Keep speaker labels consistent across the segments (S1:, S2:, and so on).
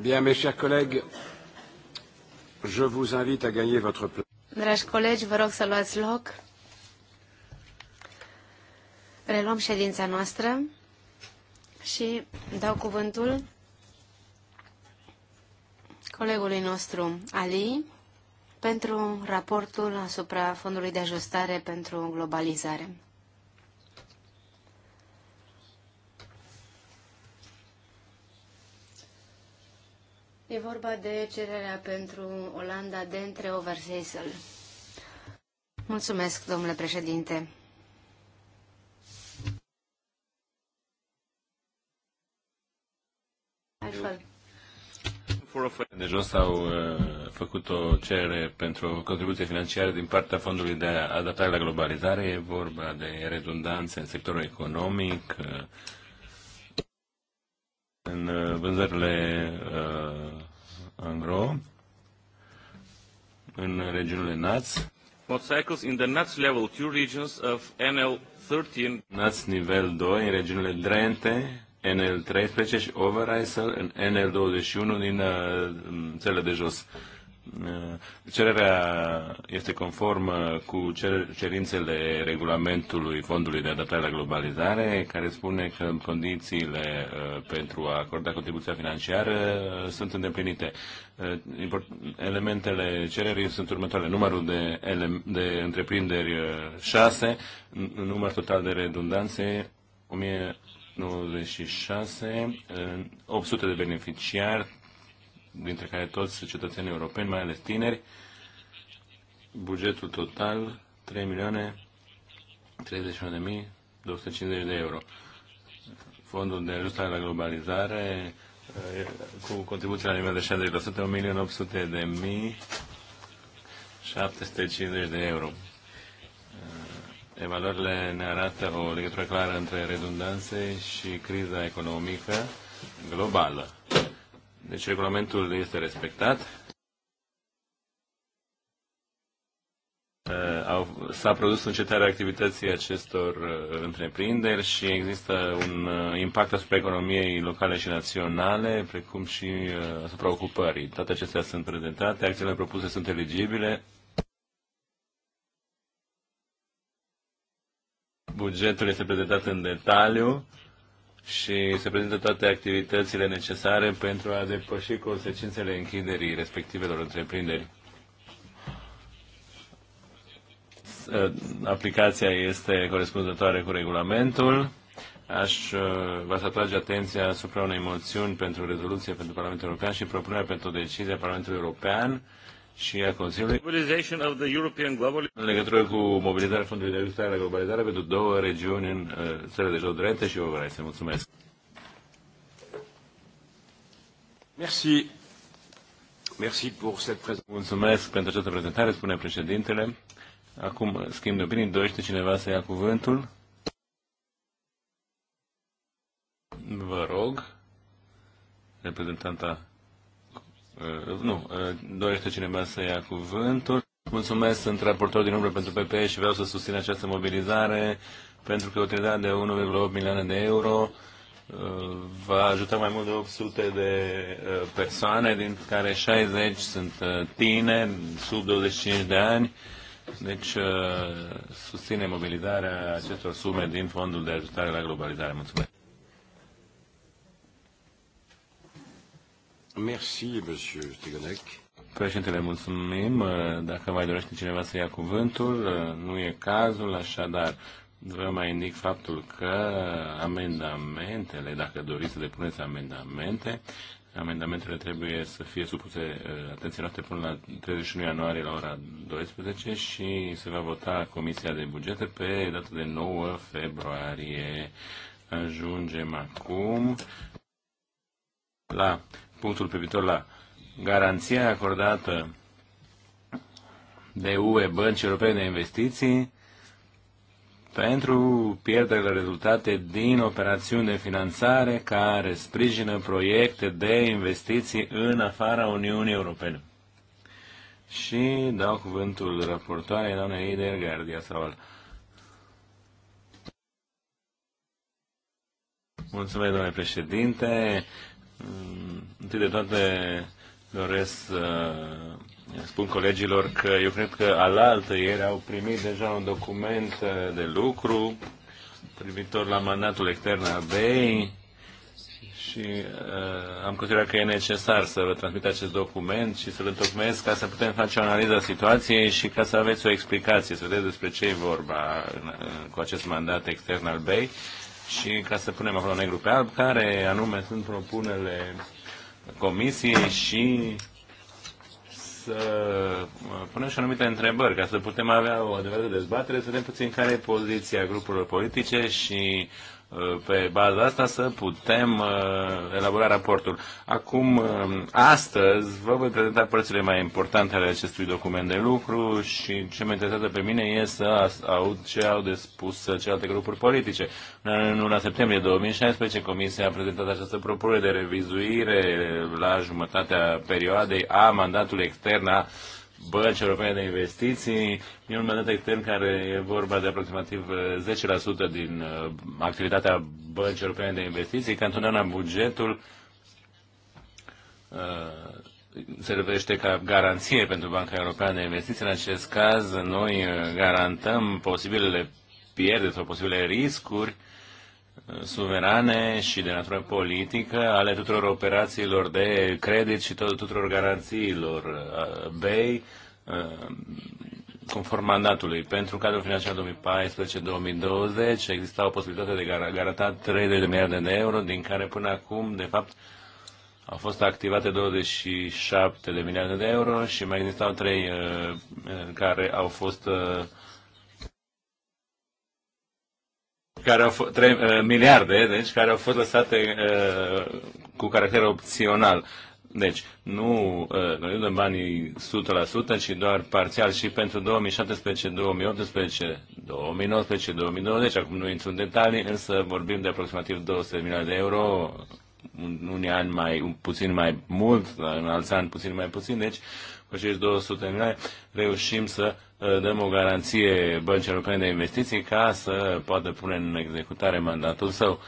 S1: Bien, mes chers collègues, je vous invite à gagner votre place. Dragi colegi, vă rog să luați loc. Reluăm ședința noastră și dau cuvântul colegului nostru, Ali, pentru raportul asupra Fondului de Ajustare pentru Globalizare. E vorba de cererea pentru Olanda de între Overseasel. Mulțumesc, domnule președinte.
S2: De jos au uh, făcut o cerere pentru o contribuție financiară din partea Fondului de Adaptare la Globalizare. E vorba de redundanțe în sectorul economic, uh, în uh, vânzările uh, Angro, în regiunile NATS. Motorcycles in the NATS level 2 regions of NL 13. NATS nivel 2 în regiunile Drente, NL 13 și Overijssel în NL 21 din uh, de jos. Eh, cererea este conformă cu cerințele regulamentului Fondului de Adaptare la Globalizare, care spune că condițiile eh, pentru a acorda contribuția financiară sunt îndeplinite. Eh, elementele cererii sunt următoarele. Numărul de, de întreprinderi 6, număr total de redundanțe 1096, 800 de beneficiari, dintre care toți cetățenii europeni, mai ales tineri. Bugetul total 3 milioane de euro. Fondul de ajustare la globalizare eh, cu contribuție la nivel de 60%, 1.800.000 de mii 750 de euro. Eh, evaluările ne arată o legătură clară între redundanțe și criza economică globală. Deci regulamentul este respectat. Uh, s-a produs încetarea activității acestor uh, întreprinderi și există un uh, impact asupra economiei locale și naționale, precum și asupra ocupării. Toate acestea sunt prezentate, acțiunile propuse sunt eligibile, bugetul este prezentat în detaliu și se prezintă toate activitățile necesare pentru a depăși consecințele închiderii respectivelor întreprinderi. Uh, aplicația este corespunzătoare cu regulamentul. Aș uh, vă atrage atenția asupra unei moțiuni pentru rezoluție pentru Parlamentul European și propunerea pentru decizie Parlamentului European și a Consiliului în legătură cu mobilizarea Fondului de Ajustare la Globalizare pentru două regiuni în uh, țările de jos de rente și Overaise. Mulțumesc! Merci. Merci pour cette Mulțumesc pentru această prezentare, spune președintele. Acum schimb de opinii, dorește cineva să ia cuvântul? Vă rog, reprezentanta Uh, nu, uh, dorește cineva să ia cuvântul. Mulțumesc, sunt raportor din umbră pentru PPE și vreau să susțin această mobilizare pentru că utilizarea de 1,8 milioane de euro uh, va ajuta mai mult de 800 de persoane, din care 60 sunt tineri, sub 25 de ani. Deci susține mobilizarea acestor sume din Fondul de Ajutare la Globalizare. Mulțumesc! Merci, monsieur Stigonec. Președintele, mulțumim. Dacă mai dorește cineva să ia cuvântul, nu e cazul, așadar vă mai indic faptul că amendamentele, dacă doriți să depuneți amendamente, amendamentele trebuie să fie supuse uh, atenționate până la 31 ianuarie la ora 12 și se va vota Comisia de Bugete pe data de 9 februarie. Ajungem acum la punctul privitor la garanția acordată de UE Bănci Europene de Investiții pentru pierderile rezultate din operațiuni de finanțare care sprijină proiecte de investiții în afara Uniunii Europene. Și dau cuvântul raportoarei doamnei Eider Gardia Saval. Mulțumesc, domnule președinte. Mm, întâi de toate doresc să uh, spun colegilor că eu cred că alaltă ieri au primit deja un document uh, de lucru privitor la mandatul extern al BEI și uh, am considerat că e necesar să vă transmit acest document și să-l întocmesc ca să putem face o analiză a situației și ca să aveți o explicație, să vedeți despre ce e vorba în, în, uh, cu acest mandat extern al BEI. Uh, și ca să punem acolo negru pe alb, care anume sunt propunerile comisiei și să uh, punem și anumite întrebări, ca să putem avea o adevărată dezbatere, să vedem puțin care e poziția grupurilor politice și Uh, pe baza asta să putem uh, elabora raportul. Acum, uh, astăzi, vă voi prezenta părțile mai importante ale acestui document de lucru și ce mă interesează pe mine e să aud ce au de spus celelalte grupuri politice. În luna septembrie 2016, Comisia a prezentat această propunere de revizuire la jumătatea perioadei a mandatului extern a bănci europene de investiții. E un mandat extern care e vorba de aproximativ 10% uh, din uh, activitatea băncii europene de investiții, că întotdeauna bugetul uh, servește ca garanție pentru Banca Europeană de Investiții. În acest caz, noi garantăm posibilele pierderi sau posibile riscuri suverane și de natură politică ale tuturor operațiilor de credit și tot tuturor garanțiilor uh, BEI uh, conform mandatului. Pentru cadrul financiar 2014-2020 exista o posibilitate de garanta 30 de miliarde de euro, din care până acum, de fapt, au fost activate 27 de miliarde de euro și mai existau 3 uh, care au fost care au fost, 3 uh, miliarde, deci, care au fost lăsate uh, cu caracter opțional. Deci, nu, uh, noi dăm banii 100%, ci doar parțial și pentru 2017, 2018, 2019, 2020. Acum nu intru în detalii, însă vorbim de aproximativ 200 de milioane de euro, un, unii ani mai, un, puțin mai mult, în alți ani puțin mai puțin, deci cu acești 200 de milioane reușim să Uh, dăm o garanție băncii europene de investiții ca să poată pune în executare mandatul său.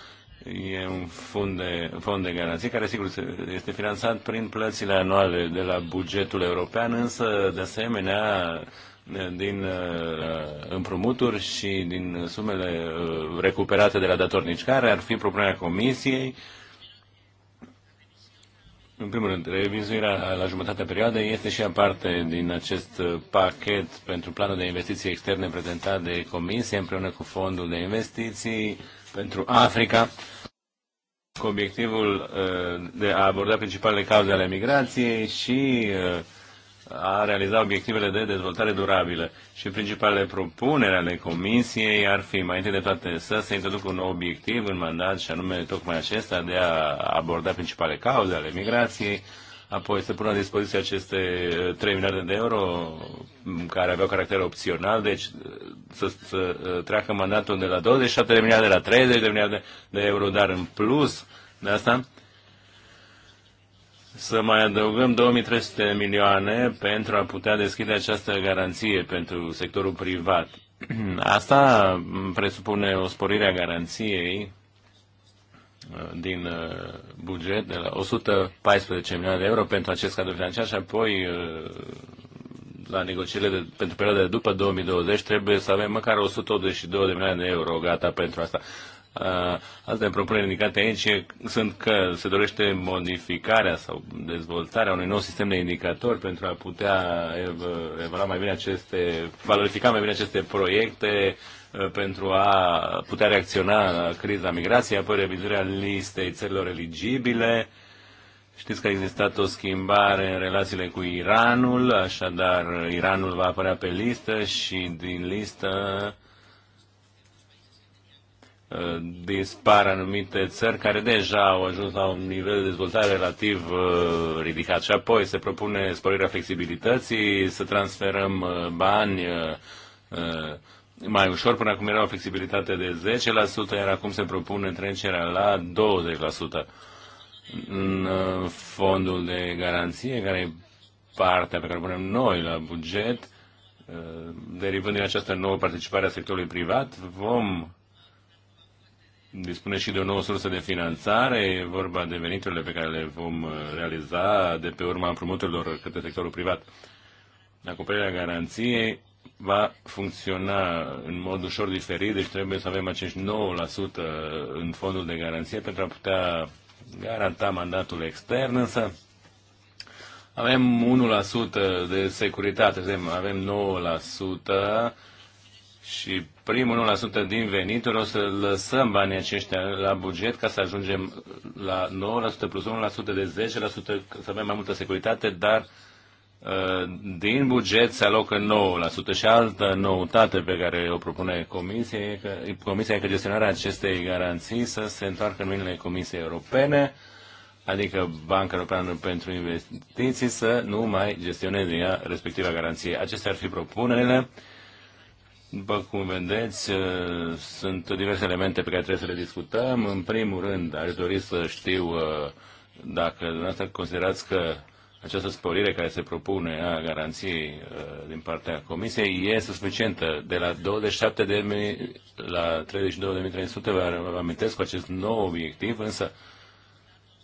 S2: E un fond de, fond de garanție care, sigur, este finanțat prin plățile anuale de la bugetul european, însă, de asemenea, din uh, împrumuturi și din sumele uh, recuperate de la datornici, care ar fi propunerea Comisiei în primul rând, revizuirea la jumătatea perioadei este și aparte din acest uh, pachet pentru planul de investiții externe prezentat de Comisie împreună cu Fondul de Investiții pentru Africa cu obiectivul uh, de a aborda principalele cauze ale migrației și uh, a realiza obiectivele de dezvoltare durabilă. Și principalele propuneri ale Comisiei ar fi, mai întâi de toate, să se introducă un nou obiectiv în mandat, și anume tocmai acesta de a aborda principale cauze ale migrației, apoi să pună la dispoziție aceste 3 uh, miliarde de euro mm, care aveau caracter opțional, deci uh, să, să uh, treacă mandatul de la 27 de miliarde la 30 de miliarde de euro, dar în plus de asta să mai adăugăm 2300 de milioane pentru a putea deschide această garanție pentru sectorul privat. Asta presupune o sporire a garanției uh, din uh, buget de la 114 milioane de euro pentru acest cadru financiar și apoi uh, la negocierile de, pentru perioada de după 2020 trebuie să avem măcar 182 de milioane de euro gata pentru asta. Uh, Alte propuneri indicate aici sunt că se dorește modificarea sau dezvoltarea unui nou sistem de indicatori pentru a putea evalua mai bine aceste, valorifica mai bine aceste proiecte, uh, pentru a putea reacționa la criza migrației, apoi revizuirea listei țărilor eligibile. Știți că a existat o schimbare în relațiile cu Iranul, așadar Iranul va apărea pe listă și din listă Uh, dispar anumite țări care deja au ajuns la un nivel de dezvoltare relativ uh, ridicat. Și apoi se propune sporirea flexibilității, să transferăm uh, bani mai ușor. Până acum era o flexibilitate de 10%, iar acum se propune trecerea la 20%. În fondul de garanție, care e partea pe care o punem noi la buget, derivând din această nouă participare a sectorului privat, vom dispune și de o nouă sursă de finanțare, e vorba de veniturile pe care le vom uh, realiza de pe urma împrumuturilor către sectorul privat. Acoperirea garanției va funcționa în mod ușor diferit, deci trebuie să avem acești 9% în fondul de garanție pentru a putea garanta mandatul extern, însă avem 1% de securitate, avem 9% și primul 1% din venituri, o să lăsăm banii aceștia la buget ca să ajungem la 9% plus 1% de 10%, să avem mai multă securitate, dar uh, din buget se alocă 9% și altă noutate pe care o propune Comisia e că, comisia e că gestionarea acestei garanții să se întoarcă în mâinile Comisiei Europene, adică Banca Europeană pentru Investiții, să nu mai gestioneze ea respectiva garanție. Acestea ar fi propunerile. După cum vedeți, uh, sunt diverse elemente pe care trebuie să le discutăm. În primul rând, aș dori să știu uh, dacă dumneavoastră considerați că această sporire care se propune a garanției uh, din partea Comisiei este suficientă. De la 27.000 la 32.300, vă amintesc cu acest nou obiectiv, însă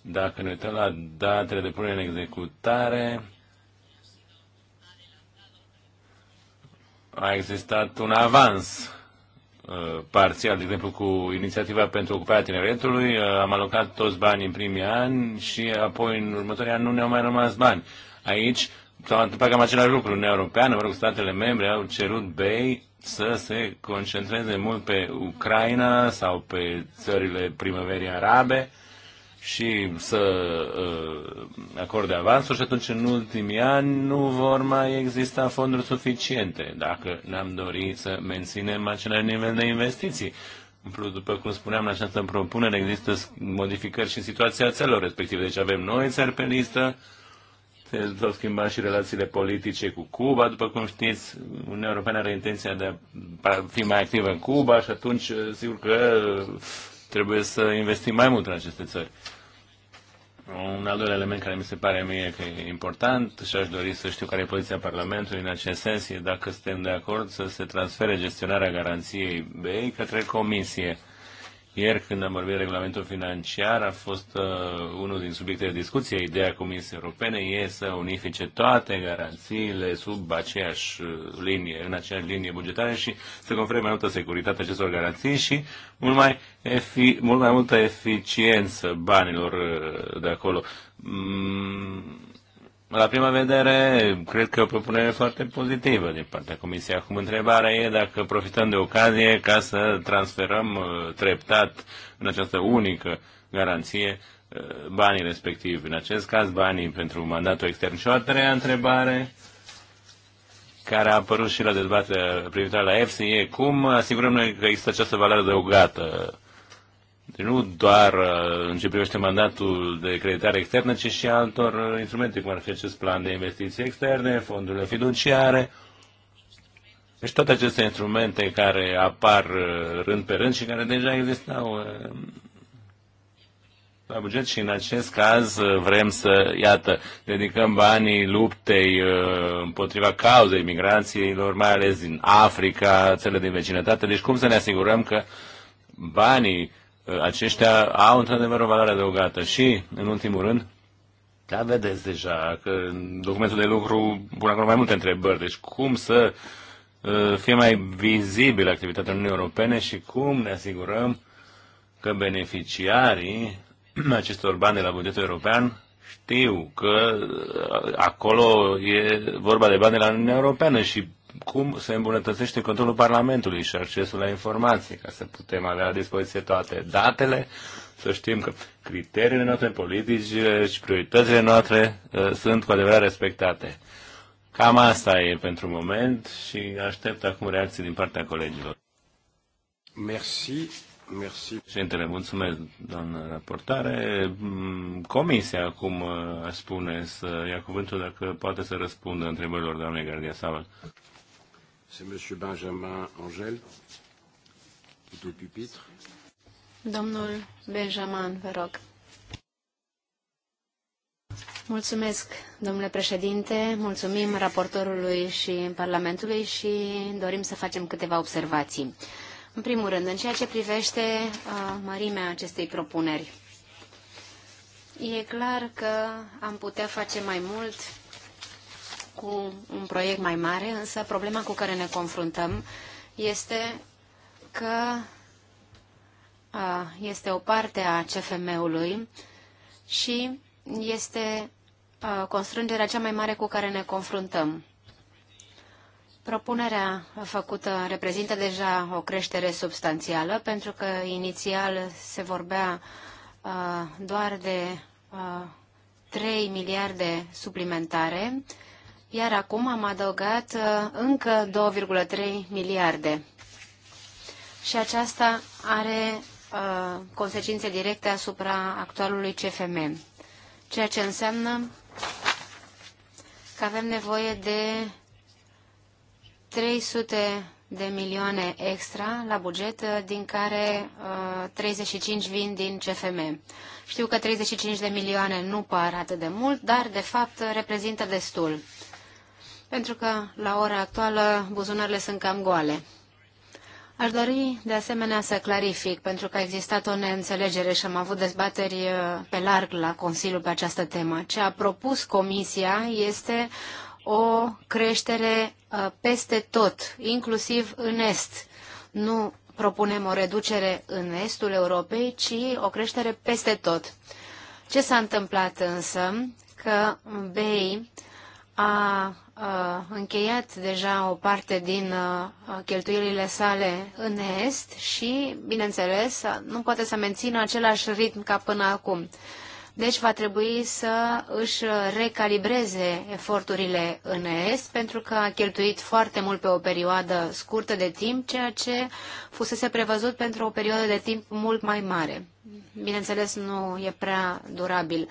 S2: dacă ne uităm la datele de punere în executare, a existat un avans uh, parțial, de exemplu cu inițiativa pentru ocuparea tineretului, uh, am alocat toți banii în primii ani și apoi în următorii ani nu ne-au mai rămas bani. Aici s-a întâmplat cam același lucru. Uniunea Europeană, mă rog, statele membre au cerut BEI să se concentreze mult pe Ucraina sau pe țările primăverii arabe și să uh, acorde avansuri și atunci în ultimii ani nu vor mai exista fonduri suficiente dacă ne-am dorit să menținem același nivel de investiții. În plus, după cum spuneam, în această propunere există modificări și în situația țelor respective. Deci avem noi țări pe listă, se vor schimba și relațiile politice cu Cuba. După cum știți, Uniunea Europeană are intenția de a fi mai activă în Cuba și atunci, uh, sigur că uh, trebuie să investim mai mult în aceste țări. Un al doilea element care mi se pare mie că e important și aș dori să știu care e poziția Parlamentului în acest sens e dacă suntem de acord să se transfere gestionarea garanției BEI către Comisie. Ieri, când am vorbit de regulamentul financiar, a fost uh, unul din subiectele de discuție. Ideea Comisiei Europene e să unifice toate garanțiile sub aceeași uh, linie, în aceeași linie bugetară și să confere mai multă securitate acestor garanții și mult mai, efi, mult mai multă eficiență banilor uh, de acolo. Mm la prima vedere, cred că e o propunere foarte pozitivă din partea Comisiei. Acum, întrebarea e dacă profităm de ocazie ca să transferăm uh, treptat în această unică garanție uh, banii respectivi, în acest caz banii pentru mandatul extern. Și o a treia întrebare care a apărut și la dezbaterea privitoare la EFSI e cum asigurăm noi că există această valoare adăugată deci nu doar uh, în ce privește mandatul de creditare externă, ci și altor uh, instrumente, cum ar fi acest plan de investiții externe, fondurile fiduciare. Deci toate aceste instrumente care apar uh, rând pe rând și care deja existau la buget și în acest caz vrem să, iată, dedicăm banii luptei împotriva cauzei migrațiilor, mai ales din Africa, țările din vecinătate. Deci cum să ne asigurăm că banii Uh, aceștia au într-adevăr o valoare adăugată. Și, în ultimul rând, da, vedeți deja că în documentul de lucru pun acolo mai multe întrebări. Deci cum să uh, fie mai vizibilă activitatea Uniunii Europene și cum ne asigurăm că beneficiarii acestor bani de la bugetul european știu că uh, acolo e vorba de bani de la Uniunea Europeană și cum se îmbunătățește controlul Parlamentului și accesul la informații, ca să putem avea la dispoziție toate datele, să știm că criteriile noastre politice și prioritățile noastre uh, sunt cu adevărat respectate. Cam asta e pentru moment și aștept acum reacții din partea colegilor.
S1: Merci.
S2: Merci. Președintele, mulțumesc, doamnă raportare. Mm, comisia acum, aș uh, spune, să ia cuvântul dacă poate să răspundă întrebărilor doamnei Gardia Saval. C'est Monsieur Benjamin Angel, tout au pupitre.
S1: Domnul Benjamin, vă rog. Mulțumesc, domnule președinte, mulțumim raportorului și Parlamentului și dorim să facem câteva observații. În primul rând, în ceea ce privește uh, mărimea acestei propuneri, e clar că am putea face mai mult cu un proiect mai mare, însă problema cu care ne confruntăm este că este o parte a CFM-ului și este constrângerea cea mai mare cu care ne confruntăm. Propunerea făcută reprezintă deja o creștere substanțială, pentru că inițial se vorbea a, doar de a, 3 miliarde suplimentare iar acum am adăugat uh, încă 2,3 miliarde. Și aceasta are uh, consecințe directe asupra actualului CFM, ceea ce înseamnă că avem nevoie de 300 de milioane extra la buget, uh, din care uh, 35 vin din CFM. Știu că 35 de milioane nu par atât de mult, dar de fapt reprezintă destul pentru că la ora actuală buzunarele sunt cam goale. Aș dori de asemenea să clarific, pentru că a existat o neînțelegere și am avut dezbateri uh, pe larg la Consiliu pe această temă. Ce a propus Comisia este o creștere uh, peste tot, inclusiv în Est. Nu propunem o reducere în Estul Europei, ci o creștere peste tot. Ce s-a întâmplat însă? Că BEI a încheiat deja o parte din cheltuielile sale în Est și, bineînțeles, nu poate să mențină același ritm ca până acum. Deci va trebui să își recalibreze eforturile în Est, pentru că a cheltuit foarte mult pe o perioadă scurtă de timp, ceea ce fusese prevăzut pentru o perioadă de timp mult mai mare. Bineînțeles, nu e prea durabil.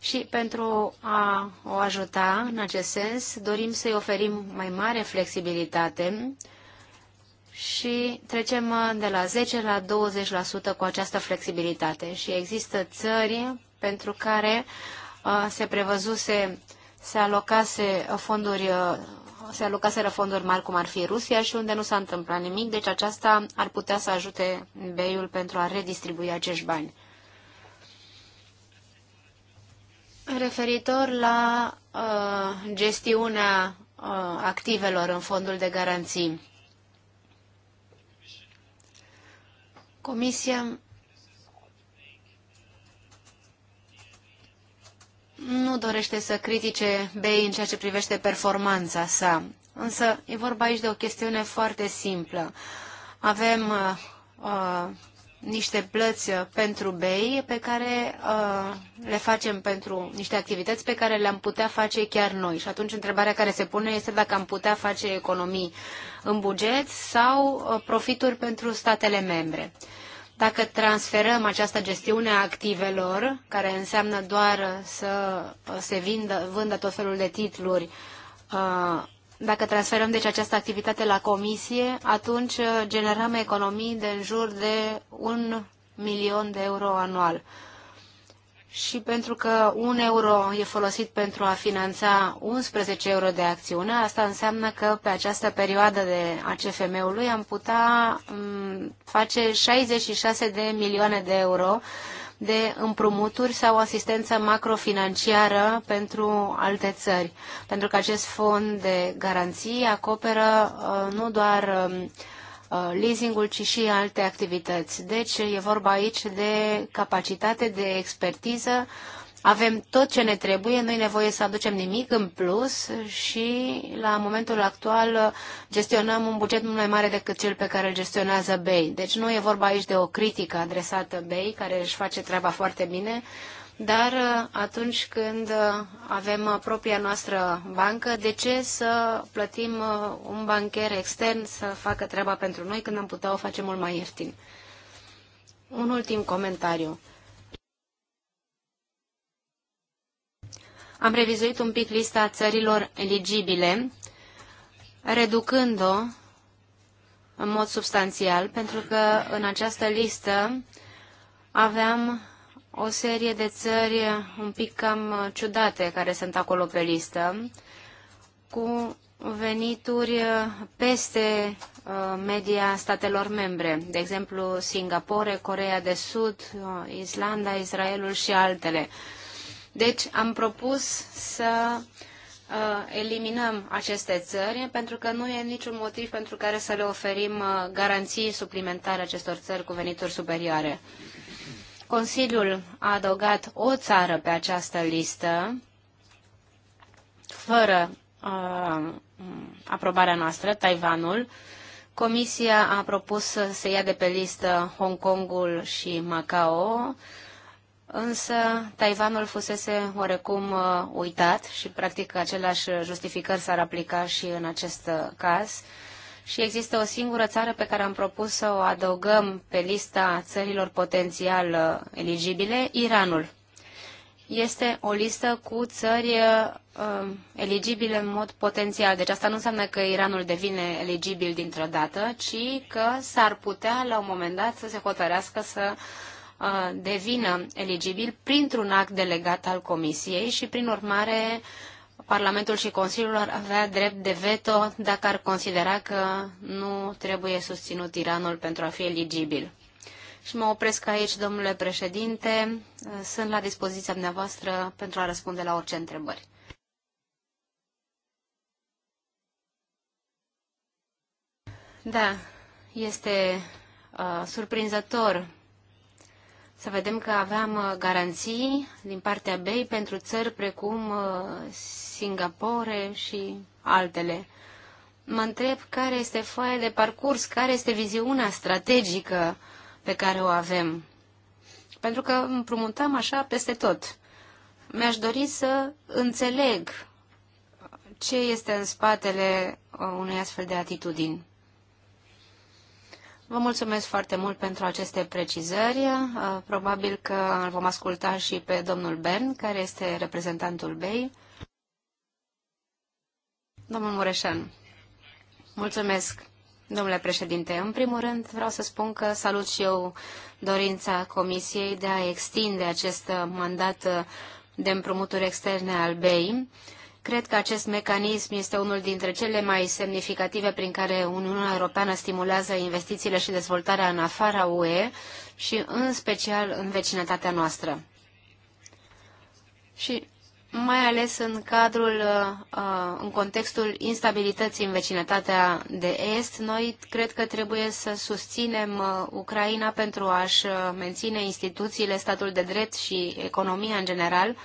S1: Și pentru a o ajuta în acest sens, dorim să-i oferim mai mare flexibilitate și trecem de la 10 la 20% cu această flexibilitate. Și există țări pentru care uh, se prevăzuse, se alocase fonduri uh, se alocaseră fonduri mari cum ar fi Rusia și unde nu s-a întâmplat nimic, deci aceasta ar putea să ajute BEI-ul pentru a redistribui acești bani. Referitor la uh, gestiunea uh, activelor în fondul de garanții, Comisia nu dorește să critique BEI în ceea ce privește performanța sa, însă e vorba aici de o chestiune foarte simplă. Avem uh, uh niște plăți uh, pentru bei pe care uh, le facem pentru niște activități pe care le-am putea face chiar noi. Și atunci întrebarea care se pune este dacă am putea face economii în buget sau uh, profituri pentru statele membre. Dacă transferăm această gestiune a activelor, care înseamnă doar să uh, se vindă, vândă tot felul de titluri uh, dacă transferăm deci această activitate la comisie, atunci uh, generăm economii de în jur de un milion de euro anual. Și pentru că un euro e folosit pentru a finanța 11 euro de acțiune, asta înseamnă că pe această perioadă de ACFM-ului am putea mm, face 66 de milioane de euro de împrumuturi sau asistență macrofinanciară pentru alte țări. Pentru că acest fond de garanții acoperă uh, nu doar um, uh, leasingul, ci și alte activități. Deci e vorba aici de capacitate, de expertiză avem tot ce ne trebuie, nu e nevoie să aducem nimic în plus și la momentul actual gestionăm un buget mult mai mare decât cel pe care îl gestionează BEI. Deci nu e vorba aici de o critică adresată BEI, care își face treaba foarte bine, dar uh, atunci când uh, avem uh, propria noastră bancă, de ce să plătim un bancher extern să facă treaba pentru noi când am putea o face mult mai ieftin? Un ultim comentariu. Am revizuit un pic lista țărilor eligibile, reducând-o în mod substanțial, pentru că în această listă aveam o serie de țări un pic cam ciudate care sunt acolo pe listă, cu venituri peste uh, media statelor membre, de exemplu Singapore, Corea de Sud, uh, Islanda, Israelul și altele. Deci am propus să uh, eliminăm aceste țări pentru că nu e niciun motiv pentru care să le oferim uh, garanții suplimentare acestor țări cu venituri superioare. Consiliul a adăugat o țară pe această listă fără uh, aprobarea noastră, Taiwanul. Comisia a propus să se ia de pe listă Hong Kongul și Macao. Uh, însă Taiwanul fusese oarecum uh, uitat și practic aceleași justificări s-ar aplica și în acest uh, caz. Și există o singură țară pe care am propus să o adăugăm pe lista țărilor potențial uh, eligibile, Iranul. Este o listă cu țări uh, eligibile în mod potențial. Deci asta nu înseamnă că Iranul devine eligibil dintr-o dată, ci că s-ar putea la un moment dat să se hotărească să uh, devină eligibil printr-un act delegat al Comisiei și, prin urmare, Parlamentul și Consiliul ar avea drept de veto dacă ar considera că nu trebuie susținut Iranul pentru a fi eligibil. Și mă opresc aici, domnule președinte. Sunt la dispoziția dumneavoastră pentru a răspunde la orice întrebări. Da, este uh, surprinzător să vedem că aveam uh, garanții din partea BEI pentru țări precum uh, Singapore și altele. Mă întreb care este foaia de parcurs, care este viziunea strategică pe care o avem. Pentru că împrumutăm așa peste tot. Mi-aș dori să înțeleg ce este în spatele uh, unei astfel de atitudini. Vă mulțumesc foarte mult pentru aceste precizări. Uh, probabil că îl vom asculta și pe domnul Ben, care este reprezentantul BEI. Domnul Mureșan, mulțumesc. Domnule președinte, în primul rând vreau să spun că salut și eu dorința Comisiei de a extinde acest mandat de împrumuturi externe al BEI Cred că acest mecanism este unul dintre cele mai semnificative prin care Uniunea Europeană stimulează investițiile și dezvoltarea în afara UE și în special în vecinătatea noastră. Și mai ales în cadrul, uh, uh, în contextul instabilității în vecinătatea de est, noi cred că trebuie să susținem uh, Ucraina pentru a-și menține instituțiile, statul de drept și economia în general,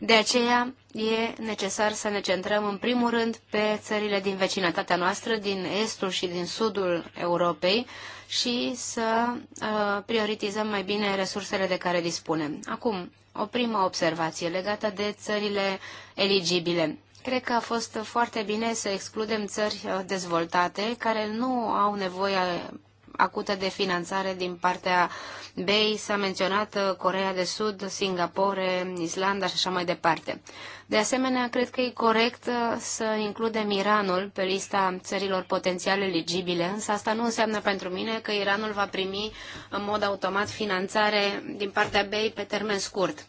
S1: de aceea e necesar să ne centrăm în primul rând pe țările din vecinătatea noastră, din estul și din sudul Europei și să uh, prioritizăm mai bine resursele de care dispunem. Acum, o primă observație legată de țările eligibile. Cred că a fost foarte bine să excludem țări uh, dezvoltate care nu au nevoie acută de finanțare din partea BEI, s-a menționat uh, Corea de Sud, Singapore, Islanda și așa mai departe. De asemenea, cred că e corect uh, să includem Iranul pe lista țărilor potențial eligibile, însă asta nu înseamnă pentru mine că Iranul va primi în mod automat finanțare din partea BEI pe termen scurt.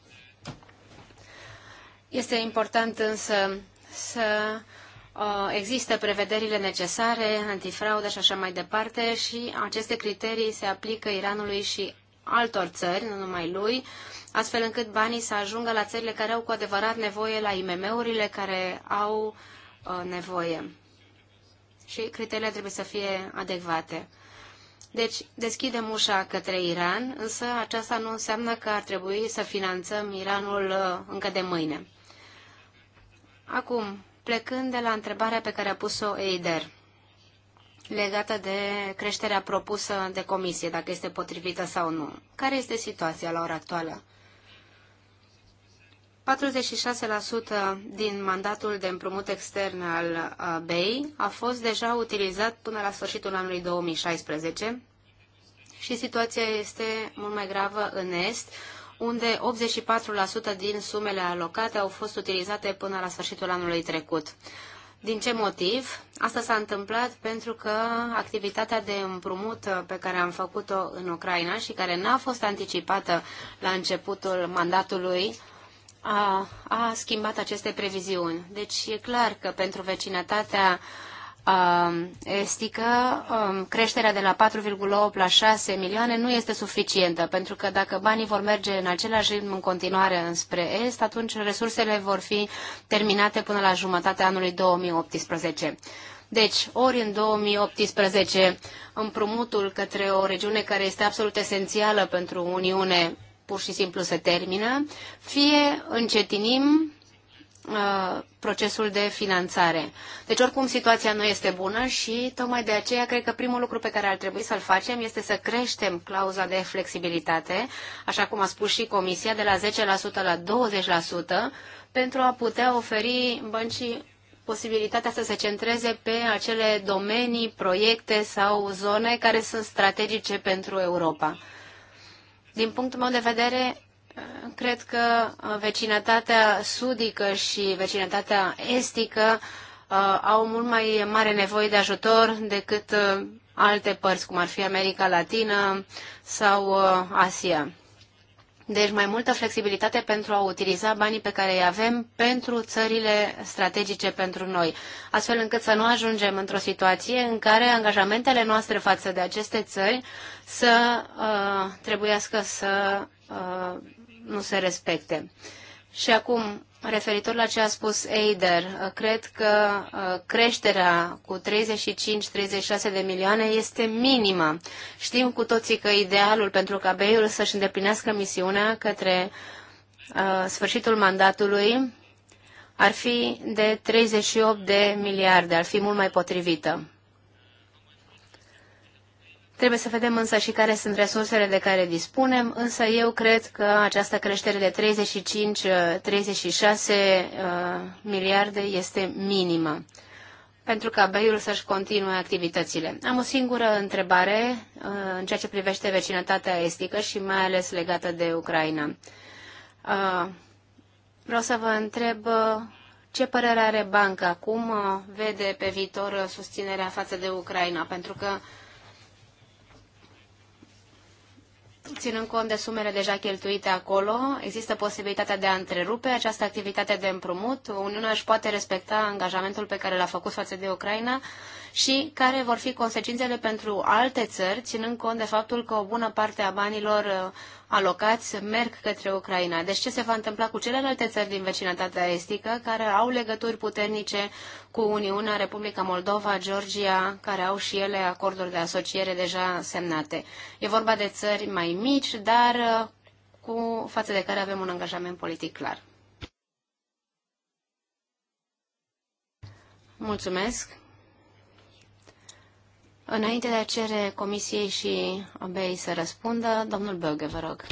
S1: Este important însă să Uh, există prevederile necesare, antifraudă și așa mai departe și aceste criterii se aplică Iranului și altor țări, nu numai lui, astfel încât banii să ajungă la țările care au cu adevărat nevoie, la IMM-urile care au uh, nevoie. Și criteriile trebuie să fie adecvate. Deci, deschidem ușa către Iran, însă aceasta nu înseamnă că ar trebui să finanțăm Iranul uh, încă de mâine. Acum, plecând de la întrebarea pe care a pus-o Eider legată de creșterea propusă de comisie, dacă este potrivită sau nu. Care este situația la ora actuală? 46% din mandatul de împrumut extern al BEI a fost deja utilizat până la sfârșitul anului 2016 și situația este mult mai gravă în Est, unde 84% din sumele alocate au fost utilizate până la sfârșitul anului trecut. Din ce motiv? Asta s-a întâmplat pentru că activitatea de împrumut pe care am făcut-o în Ucraina și care n-a fost anticipată la începutul mandatului a, a schimbat aceste previziuni. Deci e clar că pentru vecinătatea uh, Um, estică, um, creșterea de la 4,8 la 6 milioane nu este suficientă, pentru că dacă banii vor merge în același ritm în continuare înspre est, atunci resursele vor fi terminate până la jumătatea anului 2018. Deci, ori în 2018 împrumutul către o regiune care este absolut esențială pentru Uniune pur și simplu se termină, fie încetinim Uh, procesul de finanțare. Deci, oricum, situația nu este bună și tocmai de aceea cred că primul lucru pe care ar trebui să-l facem este să creștem clauza de flexibilitate, așa cum a spus și Comisia, de la 10% la 20%, pentru a putea oferi băncii posibilitatea să se centreze pe acele domenii, proiecte sau zone care sunt strategice pentru Europa. Din punctul meu de vedere, Cred că uh, vecinătatea sudică și vecinătatea estică uh, au mult mai mare nevoie de ajutor decât uh, alte părți, cum ar fi America Latină sau Asia. Deci mai multă flexibilitate pentru a utiliza banii pe care îi avem pentru țările strategice pentru noi, astfel încât să nu ajungem într-o situație în care angajamentele noastre față de aceste țări să uh, trebuiască să uh, nu se respecte. Și acum, referitor la ce a spus Eider, uh, cred că uh, creșterea cu 35-36 de milioane este minimă. Știm cu toții că idealul pentru ca BEI-ul să-și îndeplinească misiunea către uh, sfârșitul mandatului ar fi de 38 de miliarde, ar fi mult mai potrivită. Trebuie să vedem însă și care sunt resursele de care dispunem, însă eu cred că această creștere de 35-36 uh, uh, miliarde este minimă pentru ca băiul să-și continue activitățile. Am o singură întrebare uh, în ceea ce privește vecinătatea estică și mai ales legată de Ucraina. Vreau să vă întreb ce părere are banca, cum vede pe viitor susținerea față de Ucraina, pentru că ținând cont de sumele deja cheltuite acolo, există posibilitatea de a întrerupe această activitate de împrumut. Uniunea își poate respecta angajamentul pe care l-a făcut față de Ucraina și care vor fi consecințele pentru alte țări, ținând cont de faptul că o bună parte a banilor uh, alocați merg către Ucraina. Deci ce se va întâmpla cu celelalte țări din vecinătatea estică care au legături puternice cu Uniunea, Republica Moldova, Georgia, care au și ele acorduri de asociere deja semnate. E vorba de țări mai mici, dar uh, cu față de care avem un angajament politic clar. Mulțumesc. Înainte de a cere Comisiei și BEI să răspundă, domnul Böge, vă rog.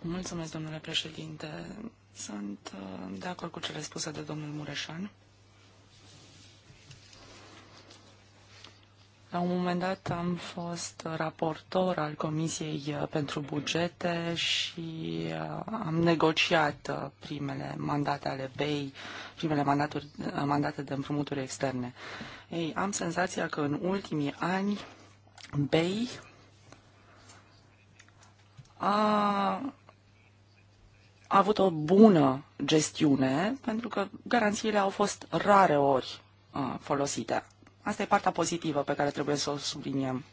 S3: Mulțumesc, domnule președinte. Sunt uh, de acord cu cele spuse de domnul Mureșan. La un moment dat am fost raportor al Comisiei uh, pentru Bugete și uh, am negociat uh, primele mandate ale BEI, primele mandaturi, mandate de împrumuturi externe. Ei, am senzația că în ultimii ani BEI a a avut o bună gestiune, pentru că garanțiile au fost rare ori folosite. Asta e partea pozitivă pe care trebuie să o subliniem.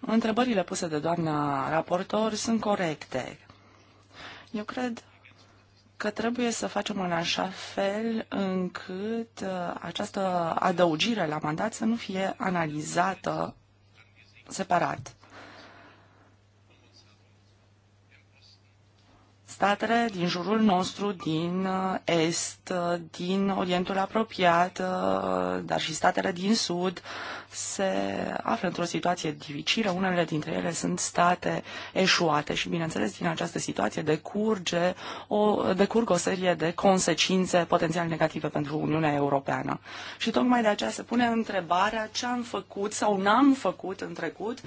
S3: Întrebările puse de doamna raportor sunt corecte. Eu cred că trebuie să facem în așa fel încât uh, această adăugire la mandat să nu fie analizată separat. statele din jurul nostru, din uh, Est, din Orientul apropiat, uh, dar și statele din Sud, se află într-o situație dificilă. Unele dintre ele sunt state eșuate și, bineînțeles, din această situație decurge o, decurg o serie de consecințe potențial negative pentru Uniunea Europeană. Și tocmai de aceea se pune întrebarea ce am făcut sau n-am făcut în trecut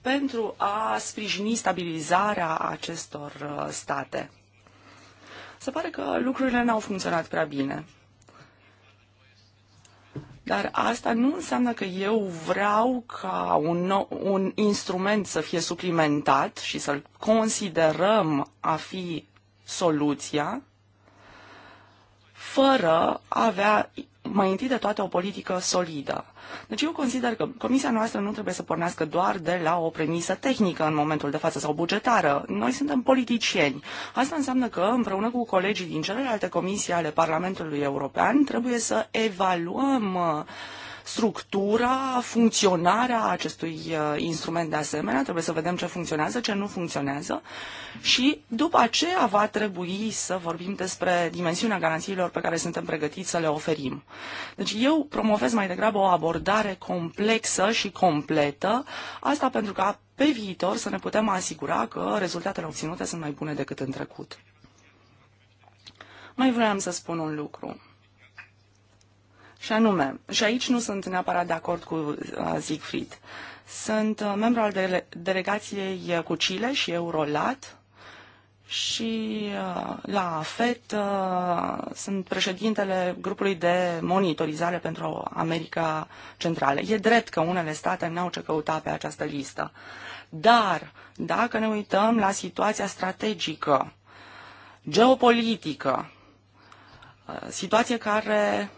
S3: pentru a sprijini stabilizarea acestor uh, state. Se pare că lucrurile n-au funcționat prea bine. Dar asta nu înseamnă că eu vreau ca un, nou, un instrument să fie suplimentat și să-l considerăm a fi soluția, fără a avea mai întâi de toate o politică solidă. Deci eu consider că comisia noastră nu trebuie să pornească doar de la o premisă tehnică în momentul de față sau bugetară. Noi suntem politicieni. Asta înseamnă că împreună cu colegii din celelalte comisii ale Parlamentului European trebuie să evaluăm uh, structura, funcționarea acestui uh, instrument de asemenea, trebuie să vedem ce funcționează, ce nu funcționează și după aceea va trebui să vorbim despre dimensiunea garanțiilor pe care suntem pregătiți să le oferim. Deci eu promovez mai degrabă o abordare complexă și completă, asta pentru ca pe viitor să ne putem asigura că rezultatele obținute sunt mai bune decât în trecut. Mai vreau să spun un lucru. Și anume, și aici nu sunt neapărat de acord cu uh, Siegfried. Sunt uh, membru al dele- delegației cu Chile și Eurolat și uh, la AFET sunt președintele grupului de monitorizare pentru America Centrală. E drept că unele state n-au ce căuta pe această listă. Dar dacă ne uităm la situația strategică, geopolitică, situație care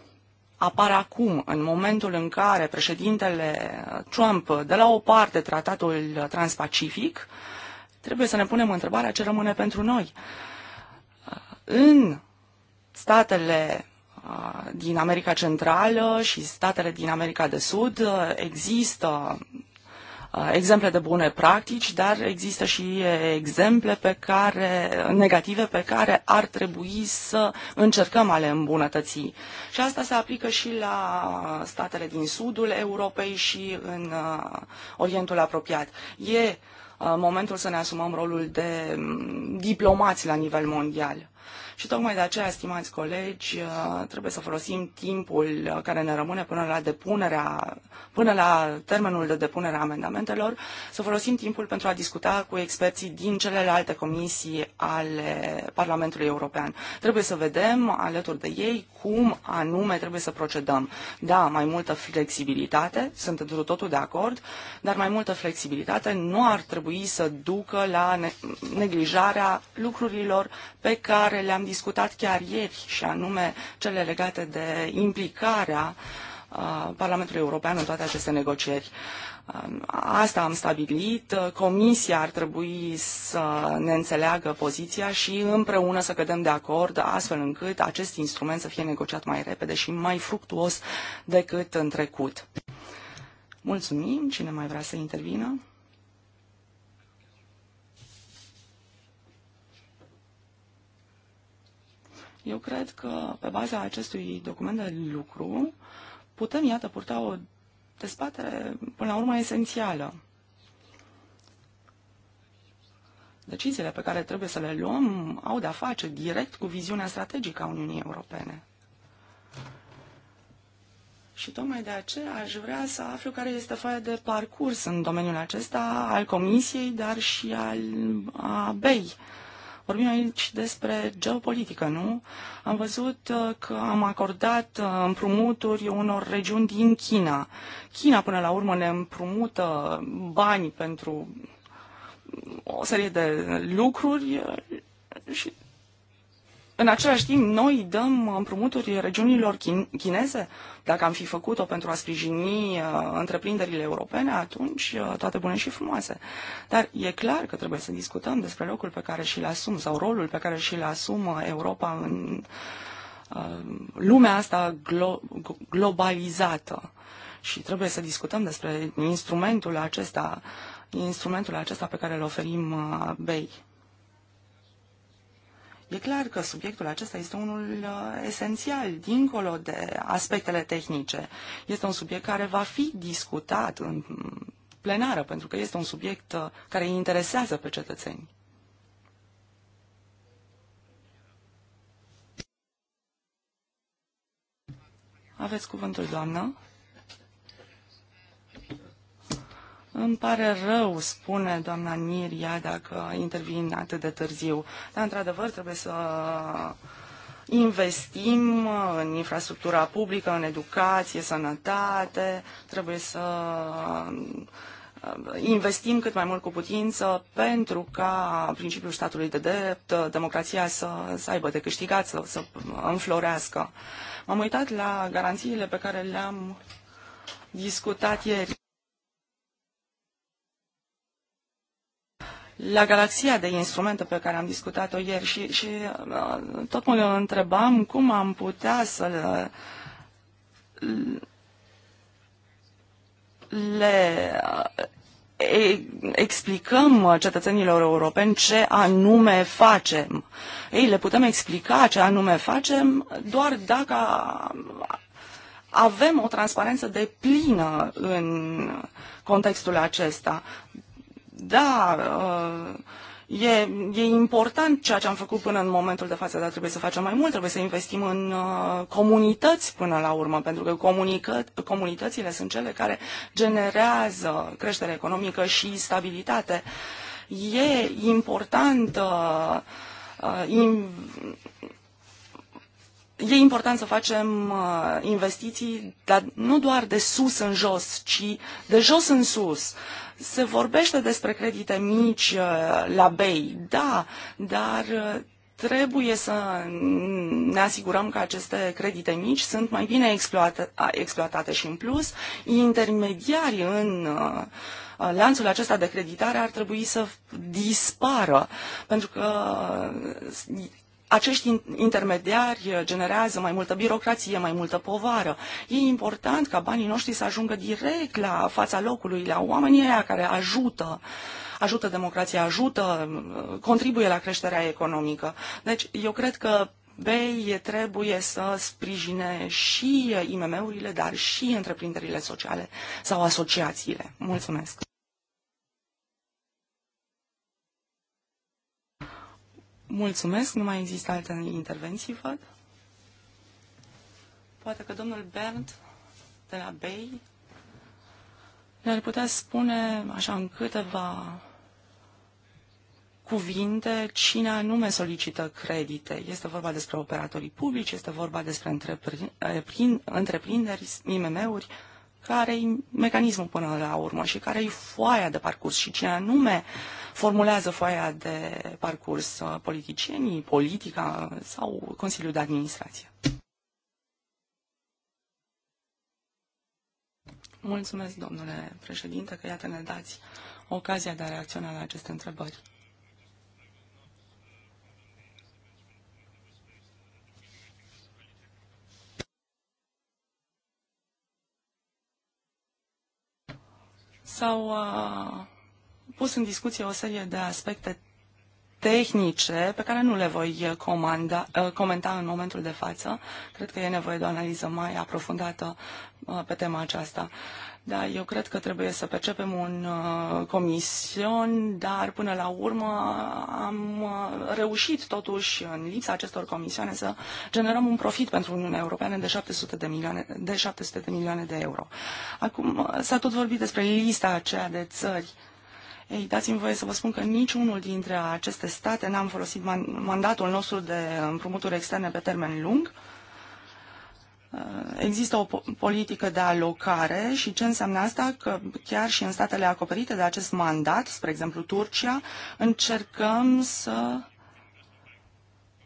S3: apar acum, în momentul în care președintele Trump de la o parte tratatul transpacific, trebuie să ne punem întrebarea ce rămâne pentru noi. În statele din America Centrală și statele din America de Sud există Uh, exemple de bune practici, dar există și exemple pe care, negative pe care ar trebui să încercăm a le îmbunătăți. Și asta se aplică și la statele din sudul Europei și în uh, Orientul apropiat. E uh, momentul să ne asumăm rolul de mm, diplomați la nivel mondial. Și tocmai de aceea, stimați colegi, uh, trebuie să folosim timpul uh, care ne rămâne până la depunerea, până la termenul de depunere a amendamentelor, să folosim timpul pentru a discuta cu experții din celelalte comisii ale Parlamentului European. Trebuie să vedem alături de ei cum anume trebuie să procedăm. Da, mai multă flexibilitate, sunt într totul de acord, dar mai multă flexibilitate nu ar trebui să ducă la neglijarea lucrurilor pe care le-am discutat chiar ieri, și anume cele legate de implicarea uh, Parlamentului European în toate aceste negocieri. Uh, asta am stabilit. Uh, comisia ar trebui să ne înțeleagă poziția și împreună să cădem de acord astfel încât acest instrument să fie negociat mai repede și mai fructuos decât în trecut. Mulțumim. Cine mai vrea să intervină? Eu cred că pe baza acestui document de lucru putem, iată, purta o dezbatere până la urmă esențială. Deciziile pe care trebuie să le luăm au de-a face direct cu viziunea strategică a Uniunii Europene. Și tocmai de aceea aș vrea să aflu care este foaia de parcurs în domeniul acesta al Comisiei, dar și al a BEI. Vorbim aici despre geopolitică, nu? Am văzut uh, că am acordat uh, împrumuturi unor regiuni din China. China, până la urmă, ne împrumută bani pentru o serie de lucruri uh, și în același timp, noi dăm împrumuturi regiunilor chineze. Dacă am fi făcut-o pentru a sprijini uh, întreprinderile europene, atunci uh, toate bune și frumoase. Dar e clar că trebuie să discutăm despre locul pe care și-l asum sau rolul pe care și-l asumă Europa în uh, lumea asta glo- globalizată. Și trebuie să discutăm despre instrumentul acesta, instrumentul acesta pe care îl oferim uh, BEI. E clar că subiectul acesta este unul uh, esențial, dincolo de aspectele tehnice. Este un subiect care va fi discutat în plenară, pentru că este un subiect uh, care îi interesează pe cetățeni. Aveți cuvântul, doamnă. Îmi pare rău, spune doamna Niria, dacă intervin atât de târziu. Dar, într-adevăr, trebuie să investim în infrastructura publică, în educație, sănătate, trebuie să uh, investim cât mai mult cu putință pentru ca principiul statului de drept, uh, democrația să, să aibă de câștigat, să, să înflorească. M-am uitat la garanțiile pe care le-am discutat ieri. la galaxia de instrumente pe care am discutat-o ieri și, și uh, tot mă întrebam cum am putea să le, le uh, explicăm cetățenilor europeni ce anume facem. Ei, le putem explica ce anume facem doar dacă avem o transparență de plină în contextul acesta da, uh, e, e important ceea ce am făcut până în momentul de față, dar trebuie să facem mai mult, trebuie să investim în uh, comunități până la urmă, pentru că comunitățile sunt cele care generează creștere economică și stabilitate. E important uh, E important să facem investiții, dar nu doar de sus în jos, ci de jos în sus. Se vorbește despre credite mici uh, la BEI, da, dar uh, trebuie să ne asigurăm că aceste credite mici sunt mai bine exploate, exploatate și în plus, intermediarii în uh, lanțul acesta de creditare ar trebui să dispară, pentru că acești intermediari generează mai multă birocrație, mai multă povară. E important ca banii noștri să ajungă direct la fața locului, la oamenii aia care ajută ajută democrația, ajută, uh, contribuie la creșterea economică. Deci, eu cred că BEI trebuie să sprijine și IMM-urile, dar și întreprinderile sociale sau asociațiile. Mulțumesc! Mulțumesc, nu mai există alte intervenții, văd. Poate că domnul Bernd de la Bay ne-ar putea spune, așa, în câteva cuvinte, cine anume solicită credite. Este vorba despre operatorii publici, este vorba despre eh, întreprinderi, IMM-uri, care e mecanismul până la urmă și care-i foaia de parcurs și cine anume formulează foaia de parcurs, uh, politicienii, politica sau Consiliul de Administrație. Mulțumesc, domnule președinte, că iată ne dați ocazia de a reacționa la aceste întrebări. S-au uh, pus în discuție o serie de aspecte tehnice pe care nu le voi uh, comanda, uh, comenta în momentul de față. Cred că e nevoie de o analiză mai aprofundată uh, pe tema aceasta. Da, eu cred că trebuie să percepem un uh, comision, dar până la urmă am uh, reușit totuși în lipsa acestor comisioane să generăm un profit pentru Uniunea Europeană de 700 de milioane de, 700 de, milioane de euro. Acum s-a tot vorbit despre lista aceea de țări uh, ei, dați-mi voie să vă spun că niciunul dintre aceste state n-am folosit mandatul nostru de împrumuturi externe pe termen lung. Uh, există o politică de alocare și ce înseamnă asta? Că chiar și în statele acoperite de acest mandat, spre exemplu Turcia, încercăm să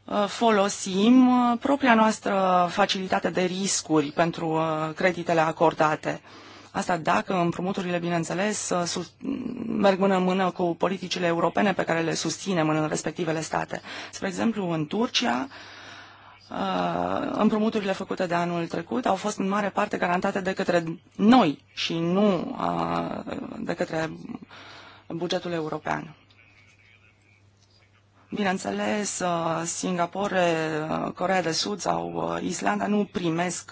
S3: uh, folosim uh, propria noastră facilitate de riscuri pentru creditele acordate. Asta dacă împrumuturile, bineînțeles, uh, merg mână în mână cu politicile europene pe care le susținem în respectivele state. Spre exemplu, în Turcia, uh, împrumuturile făcute de anul trecut au fost în mare parte garantate de către noi și nu uh, de către bugetul european. Bineînțeles, Singapore, Corea de Sud sau Islanda nu primesc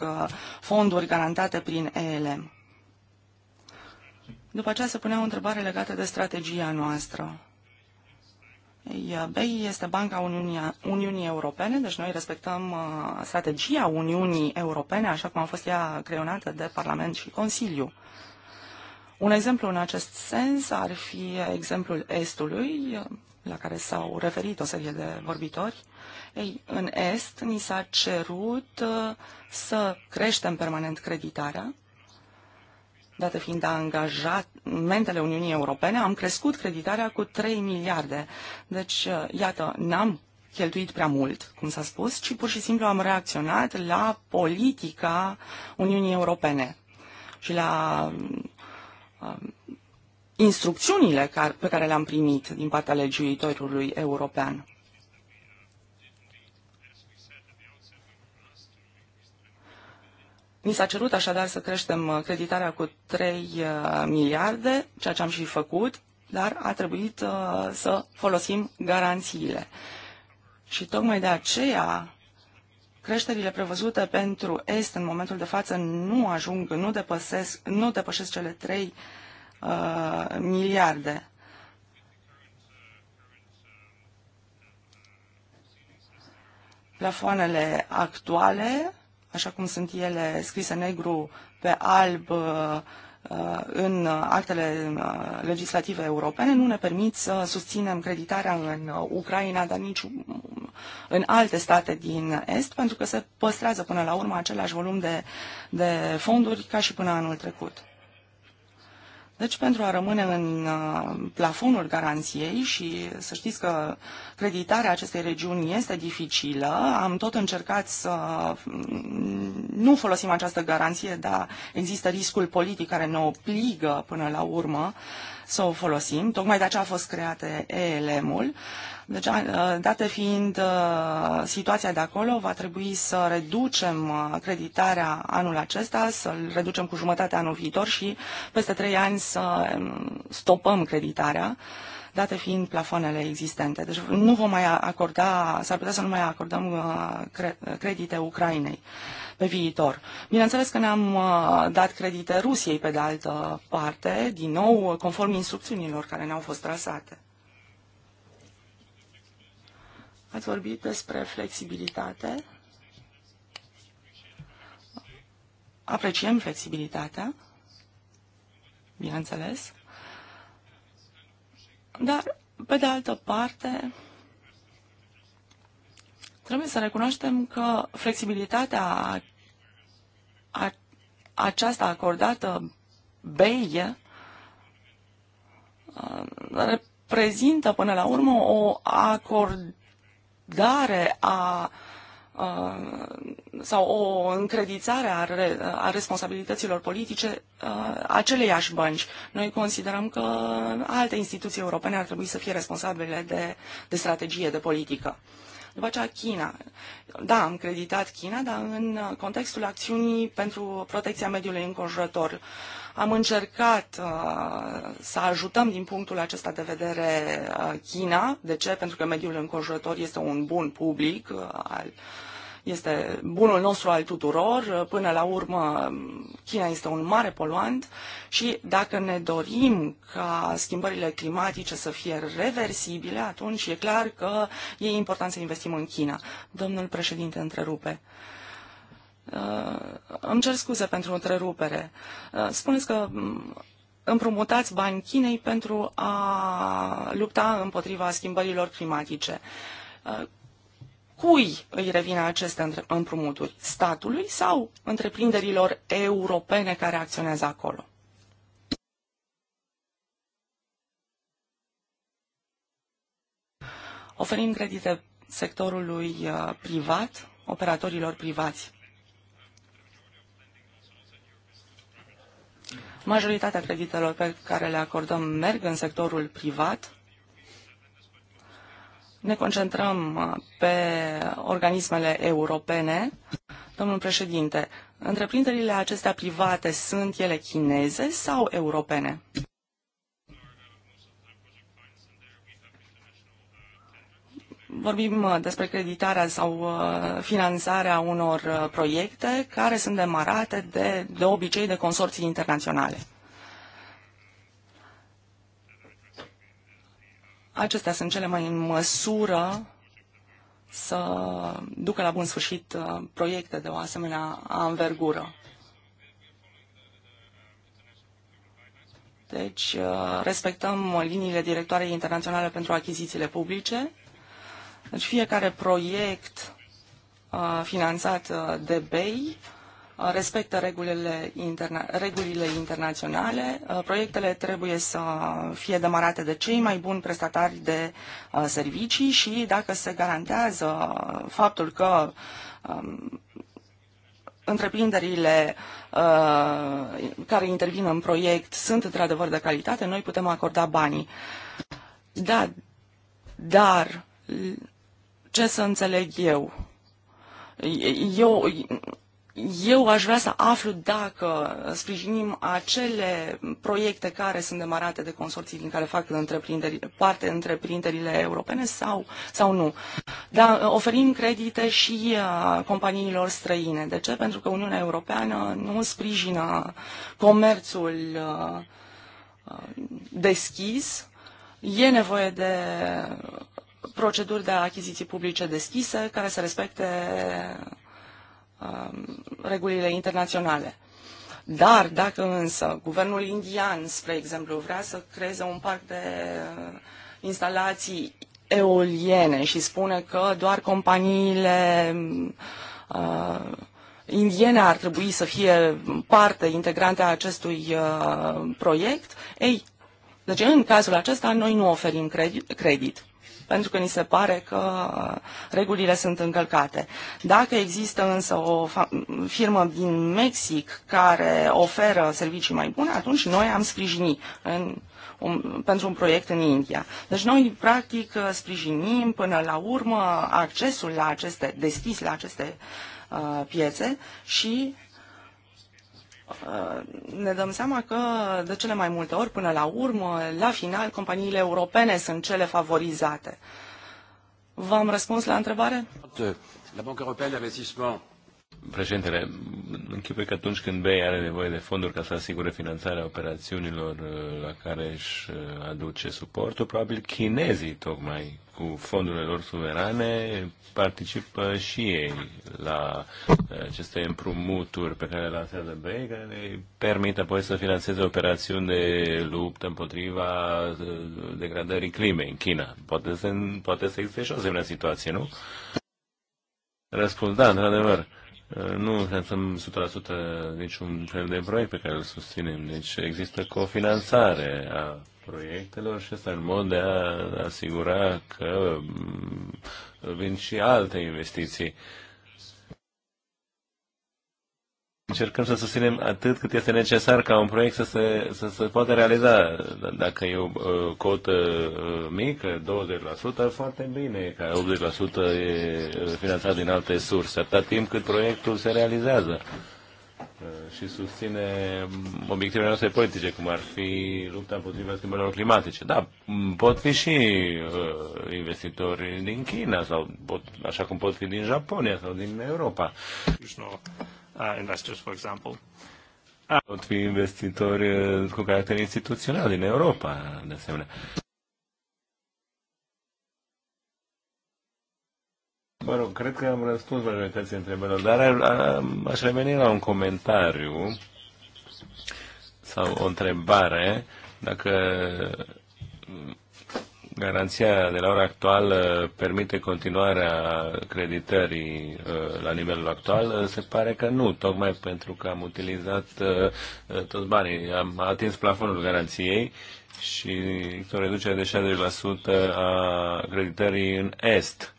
S3: fonduri garantate prin ELM. După aceea se punea o întrebare legată de strategia noastră. BEI este Banca Uniunii, Uniunii Europene, deci noi respectăm uh, strategia Uniunii Europene, așa cum a fost ea creionată de Parlament și Consiliu. Un exemplu în acest sens ar fi exemplul Estului, la care s-au referit o serie de vorbitori. Ei, în Est ni s-a cerut uh, să creștem permanent creditarea, dată fiind angajamentele Uniunii Europene, am crescut creditarea cu 3 miliarde. Deci, uh, iată, n-am cheltuit prea mult, cum s-a spus, ci pur și simplu am reacționat la politica Uniunii Europene și la um, instrucțiunile pe care le-am primit din partea legiuitorului european. Ni s-a cerut așadar să creștem uh, creditarea cu 3 uh, miliarde, ceea ce am și făcut, dar a trebuit uh, să folosim garanțiile. Și tocmai de aceea creșterile prevăzute pentru Est în momentul de față nu ajung, nu depășesc, nu depășesc cele 3 uh, miliarde. Plafoanele actuale așa cum sunt ele scrise negru pe alb uh, uh, în actele uh, legislative europene, nu ne permit să susținem creditarea în Ucraina, dar nici um, în alte state din Est, pentru că se păstrează până la urmă același volum de, de fonduri ca și până anul trecut. Deci, pentru a rămâne în uh, plafonul garanției și să știți că creditarea acestei regiuni este dificilă, am tot încercat să mm, nu folosim această garanție, dar există riscul politic care ne obligă până la urmă să o folosim. Tocmai de aceea a fost creat ELM-ul. Deci, date fiind situația de acolo, va trebui să reducem creditarea anul acesta, să-l reducem cu jumătate anul viitor și peste trei ani să um, stopăm creditarea date fiind plafoanele existente. Deci nu vom mai acorda, s-ar putea să nu mai acordăm credite Ucrainei pe viitor. Bineînțeles că ne-am dat credite Rusiei pe de altă parte, din nou conform instrucțiunilor care ne-au fost trasate. Ați vorbit despre flexibilitate. Apreciem flexibilitatea, bineînțeles, dar, pe de altă parte, trebuie să recunoaștem că flexibilitatea a, a, aceasta acordată BEI uh, reprezintă până la urmă o acord dare a sau o încredițare a, a responsabilităților politice aceleiași bănci. Noi considerăm că alte instituții europene ar trebui să fie responsabile de, de strategie, de politică. După aceea China. Da, am creditat China, dar în contextul acțiunii pentru protecția mediului înconjurător. Am încercat uh, să ajutăm din punctul acesta de vedere uh, China. De ce? Pentru că mediul înconjurător este un bun public, uh, al, este bunul nostru al tuturor. Uh, până la urmă, China este un mare poluant și dacă ne dorim ca schimbările climatice să fie reversibile, atunci e clar că e important să investim în China. Domnul președinte întrerupe. Uh, îmi cer scuze pentru întrerupere. Uh, spuneți că mm, împrumutați bani Chinei pentru a lupta împotriva schimbărilor climatice. Uh, cui îi revine aceste împrumuturi? Statului sau întreprinderilor europene care acționează acolo? Oferim credite sectorului uh, privat, operatorilor privați. Majoritatea creditelor pe care le acordăm merg în sectorul privat. Ne concentrăm uh, pe organismele europene. Domnul președinte, întreprinderile acestea private sunt ele chineze sau europene? vorbim uh, despre creditarea sau uh, finanțarea unor uh, proiecte care sunt demarate de, de obicei de consorții internaționale. Acestea sunt cele mai în măsură să ducă la bun sfârșit proiecte de o asemenea anvergură. Deci, respectăm liniile directoarei internaționale pentru achizițiile publice, deci fiecare proiect uh, finanțat uh, de BEI uh, respectă regulile, interna- regulile internaționale. Proiectele trebuie să fie demarate de cei mai buni prestatari de servicii și dacă se garantează faptul că um, întreprinderile care intervin în proiect sunt într-adevăr de calitate, noi putem acorda banii. Da, dar ce să înțeleg eu? Eu, eu aș vrea să aflu dacă sprijinim acele proiecte care sunt demarate de consorții din care fac întreprinderi, parte întreprinderile europene sau, sau nu. Dar oferim credite și uh, companiilor străine. De ce? Pentru că Uniunea Europeană nu sprijină comerțul uh, uh, deschis. E nevoie de proceduri de achiziții publice deschise care să respecte um, regulile internaționale. Dar dacă însă guvernul indian, spre exemplu, vrea să creeze un parc de uh, instalații eoliene și spune că doar companiile uh, indiene ar trebui să fie parte integrante a acestui uh, proiect, ei, deci în cazul acesta noi nu oferim credit pentru că ni se pare că regulile sunt încălcate. Dacă există însă o firmă din Mexic care oferă servicii mai bune, atunci noi am sprijinit în un, pentru un proiect în India. Deci noi, practic, sprijinim până la urmă accesul la aceste, deschis la aceste uh, piețe și ne dăm seama că de cele mai multe ori, până la urmă, la final, companiile europene sunt cele favorizate. V-am răspuns la întrebare? La Banca Europeană de Investissement
S2: Președintele, închipui că atunci când BEI are nevoie de fonduri ca să asigure finanțarea operațiunilor uh, la care își uh, aduce suportul, probabil chinezii tocmai cu fondurile lor suverane participă și ei la uh, aceste împrumuturi pe care le lansează BEI, care le permit apoi să financeze operațiuni de luptă împotriva degradării climei în China. Poate să, poate să existe și o asemenea situație, nu? Răspuns, da, într-adevăr. Uh, nu finanțăm 100% niciun fel de proiect pe care îl susținem. Deci există cofinanțare a proiectelor și asta în mod de a asigura că mm, vin și alte investiții. Uh, încercăm să susținem atât cât este necesar ca un proiect să se, să se poată realiza. Dacă e o uh, cotă uh, mică, 20%, foarte bine, ca 80% e uh, finanțat din alte surse, atâta timp cât proiectul se realizează uh, și susține obiectivele noastre politice, cum ar fi lupta împotriva schimbărilor climatice. Da, pot fi și uh, investitori din China, sau pot, așa cum pot fi din Japonia sau din Europa. Uh, investors, for example. Pot fi investitori uh, cu caracter instituțional din Europa, de asemenea. Mă rog, cred că am răspuns la realitatea întrebărilor, dar aș reveni la un comentariu sau o întrebare, dacă Garanția de la ora actuală permite continuarea creditării uh, la nivelul actual? Se pare că nu, tocmai pentru că am utilizat uh, uh, toți banii. Am atins plafonul garanției și o reducere de 60% a creditării în Est.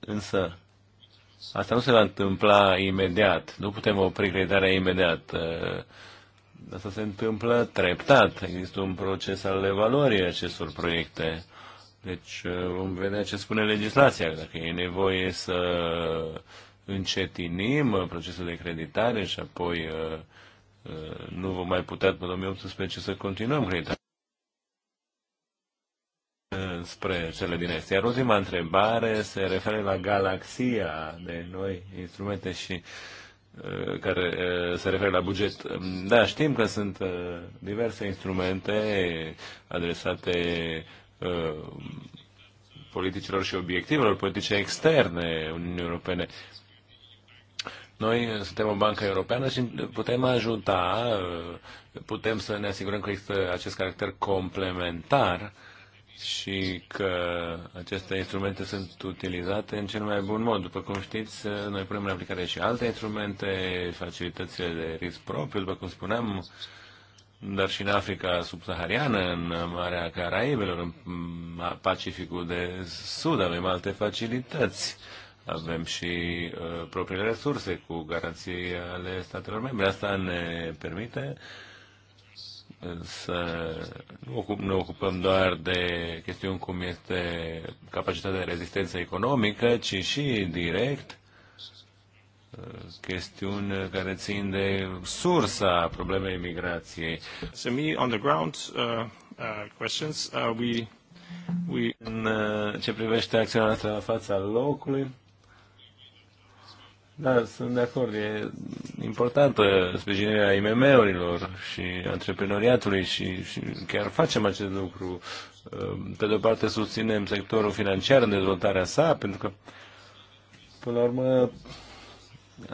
S2: Însă, asta nu se va întâmpla imediat. Nu putem opri creditarea imediat. Uh, asta se întâmplă treptat. Există un proces al evaluării acestor proiecte. Deci uh, vom vedea ce spune legislația, dacă e nevoie să încetinim uh, procesul de creditare și apoi uh, nu vom mai putea până 2018 să continuăm creditarea spre cele din este. Iar ultima întrebare se referă la galaxia de noi instrumente și uh, Uh, care uh, se referă la buget. Um, da, știm că sunt uh, diverse instrumente adresate politicilor și obiectivelor politice externe Uniunii Europene. Noi suntem o bancă europeană și putem ajuta, putem să ne asigurăm că există acest caracter complementar uh, și că aceste instrumente sunt utilizate în cel mai bun mod. După cum știți, noi punem în aplicare și alte instrumente, facilitățile de risc propriu, după cum spuneam, dar și în Africa subsahariană, în Marea Caraibelor, în Pacificul de Sud avem alte facilități. Avem și uh, propriile resurse cu garanții ale statelor membre. Asta ne permite uh, să nu ocup, ne ocupăm doar de chestiuni cum este capacitatea de rezistență economică, ci și direct chestiuni care țin de sursa problemei migrației. So me on the ground uh, uh, questions uh, we, we... În uh, ce privește acțiunea noastră în fața locului, da, sunt de acord. E importantă sprijinirea IMM-urilor și antreprenoriatului și, și chiar facem acest lucru. Pe de o parte susținem sectorul financiar în dezvoltarea sa, pentru că, până la urmă,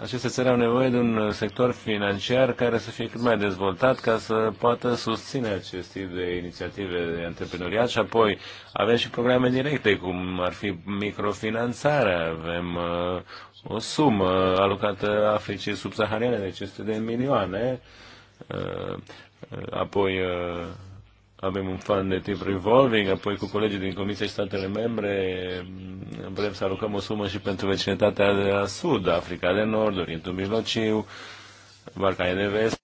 S2: aceste țări au nevoie de un sector financiar care să fie cât mai dezvoltat ca să poată susține acest tip de inițiative de antreprenoriat și apoi avem și programe directe, cum ar fi microfinanțarea, avem uh, o sumă alocată Africii subsahariane de deci 500 de milioane. Uh, apoi uh, avem un fund de tip revolving, apoi cu colegii din Comisia și statele membre mm, vrem să alocăm o sumă și pentru vecinătatea de la Sud, Africa de Nord, Orientul Mijlociu, Balcanii de Vest.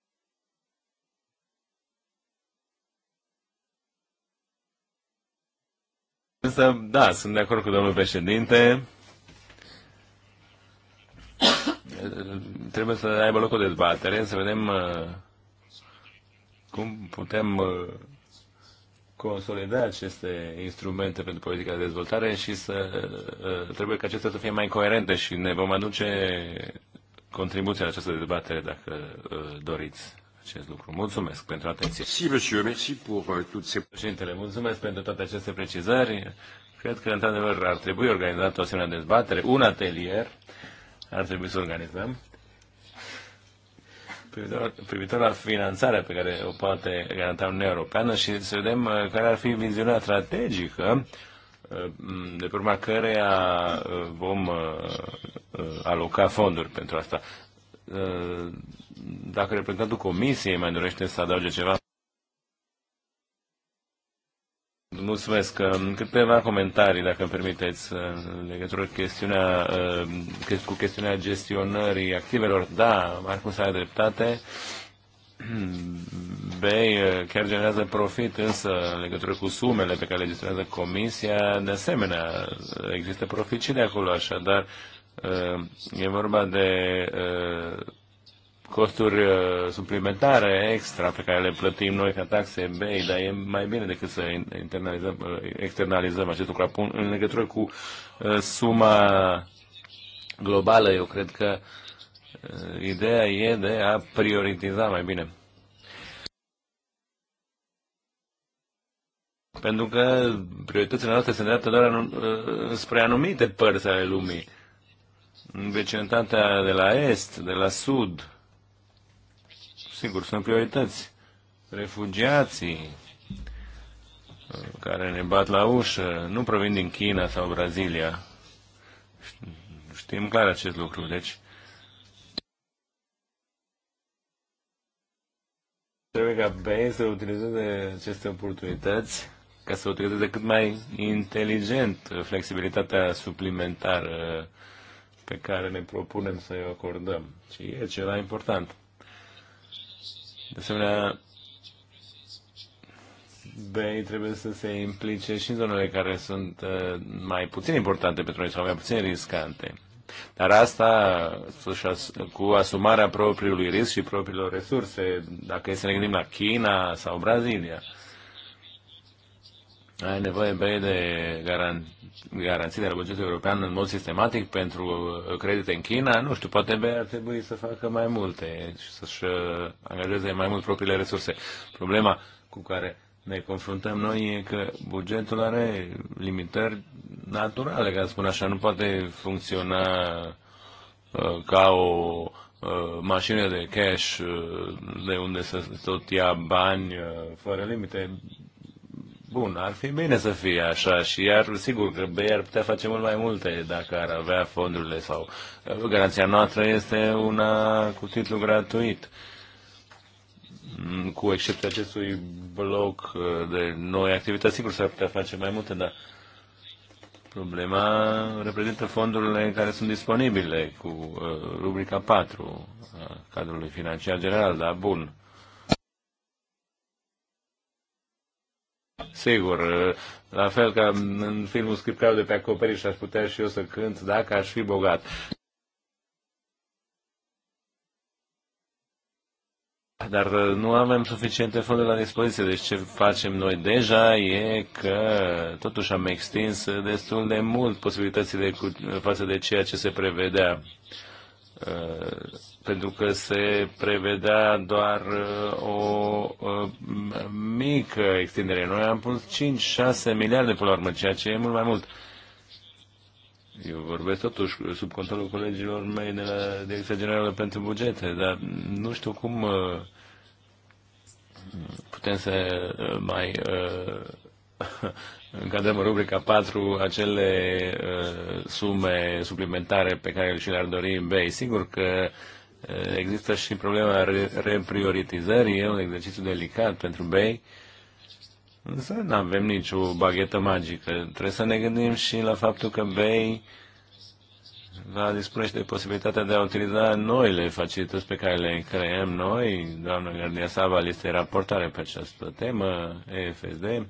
S2: Însă, da, sunt de acord cu domnul președinte trebuie să aibă loc o dezbatere, să vedem uh, cum putem uh, consolida aceste instrumente pentru politica de dezvoltare și să uh, trebuie ca acestea să fie mai coerente și ne vom aduce contribuția la această dezbatere dacă doriți acest lucru. Mulțumesc pentru atenție. Si, monsieur, merci pour toutes ces... Președintele, mulțumesc pentru toate aceste precizări. Cred că, într-adevăr, ar trebui organizată o asemenea dezbatere, un atelier ar trebui să organizăm privitor, privitor la finanțarea pe care o poate garanta Uniunea Europeană și să vedem uh, care ar fi viziunea strategică uh, de pe urma căreia uh, vom aloca fonduri pentru asta. Dacă reprezentantul Comisiei mai dorește să adauge ceva. Mulțumesc. Câteva comentarii, dacă îmi permiteți, în legătură cu chestiunea, uh, cu chestiunea gestionării activelor. Da, Marcus are dreptate. B, uh, chiar generează profit, însă în legătură cu sumele pe care le gestionează comisia, de asemenea, există profit și de acolo, așadar uh, e vorba de costuri uh, suplimentare extra pe care le plătim noi ca taxe bei, dar e mai bine decât să internalizăm, uh, externalizăm acest lucru. în legătură cu uh, suma globală, eu cred că ideea e de a prioritiza mai bine. Pentru că prioritățile noastre se îndreaptă doar spre anumite părți ale lumii. În vecinătatea de la est, de la sud, sigur, sunt priorități. Refugiații care ne bat la ușă nu provin din China sau Brazilia. Știm clar acest lucru. Deci, trebuie ca BEI să utilizeze aceste oportunități ca să utilizeze cât mai inteligent flexibilitatea suplimentară pe care ne propunem să o acordăm. Și e ceva important. De asemenea, BEI trebuie să se implice și în zonele care sunt uh, mai puțin importante pentru noi sau mai puțin riscante. Dar asta cu asumarea propriului risc și propriilor resurse, dacă e să ne gândim la China sau Brazilia. Ai nevoie, bei, de garan garanții de la bugetul european în mod sistematic pentru uh, credite în China? Nu știu, poate BEI ar trebui să facă mai multe și să-și uh, angajeze mai mult propriile resurse. Problema cu care ne confruntăm noi e că bugetul are limitări naturale, ca să spun așa, nu poate funcționa uh, ca o mașină de cash de unde să tot ia bani fără limite. Bun, ar fi bine să fie așa și iar sigur că ar putea face mult mai multe dacă ar avea fondurile sau uh, garanția noastră este una cu titlu gratuit mm, cu excepția acestui bloc uh, de noi activități, sigur s-ar putea face mai multe, dar problema reprezintă fondurile care sunt disponibile cu uh, rubrica 4 a cadrului financiar general, dar bun. Sigur, la fel ca în filmul Scripteau de pe acoperiș aș putea și eu să cânt dacă aș fi bogat. Dar uh, nu avem suficiente fonduri la dispoziție, deci ce facem noi deja e că totuși am extins destul de mult posibilitățile cu, față de ceea ce se prevedea. Uh, pentru că se prevedea doar uh, o uh, mică extindere. Noi am pus 5-6 miliarde până la urmă, ceea ce e mult mai mult. Eu vorbesc totuși sub controlul colegilor mei de la Direcția Generală pentru Bugete, dar nu știu cum putem să mai încadrăm în rubrica 4 acele uh, sume suplimentare pe care și le-ar dori în BEI. Sigur că uh, există și problema reprioritizării, e un exercițiu delicat pentru BEI, însă nu avem nicio baghetă magică. Trebuie să ne gândim și la faptul că BEI va dispune și de posibilitatea de a utiliza noile facilități pe care le creăm noi. Doamna Gardia Sava este raportare pe această temă, EFSD.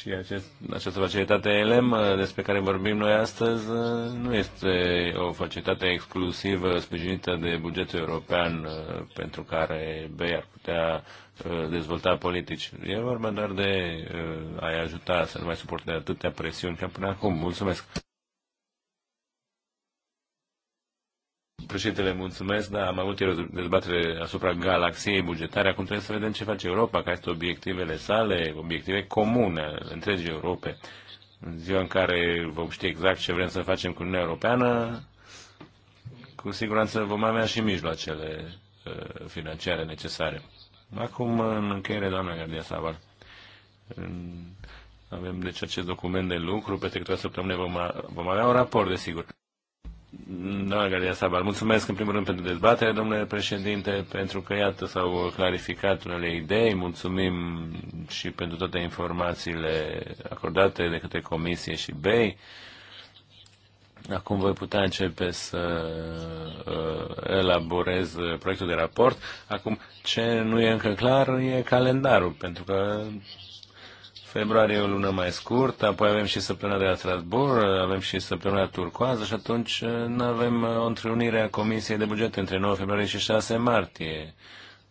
S2: Și acest, această facilitate LM uh, despre care vorbim noi astăzi uh, nu este o facilitate exclusivă sprijinită de bugetul european uh, pentru care BEI ar putea dezvolta politici. E vorba doar de a-i ajuta să nu mai suporte atâtea presiuni ca până acum. Mulțumesc! Președintele, mulțumesc, dar am avut o dezbatere asupra galaxiei bugetare. Acum trebuie să vedem ce face Europa, care este obiectivele sale, obiective comune întregii Europe. În ziua în care vom ști exact ce vrem să facem cu Uniunea Europeană, cu siguranță vom avea și mijloacele uh, financiare necesare. Acum, în încheiere, doamna Gardia Saval. Avem deci acest document de lucru, pe trei săptămâni vom, vom avea un raport, desigur. Doamna Galia Sabal, mulțumesc în primul rând pentru dezbatere, domnule președinte, pentru că, iată, s-au clarificat unele idei. Mulțumim și pentru toate informațiile acordate de către Comisie și BEI. Acum voi putea începe să uh, elaborez proiectul de raport. Acum, ce nu e încă clar e calendarul, pentru că Februarie e o lună mai scurtă, apoi avem și săptămâna de la Strasbourg, avem și săptămâna turcoază și atunci uh, nu avem uh, o întrunire a Comisiei de Buget între 9 februarie și 6 martie.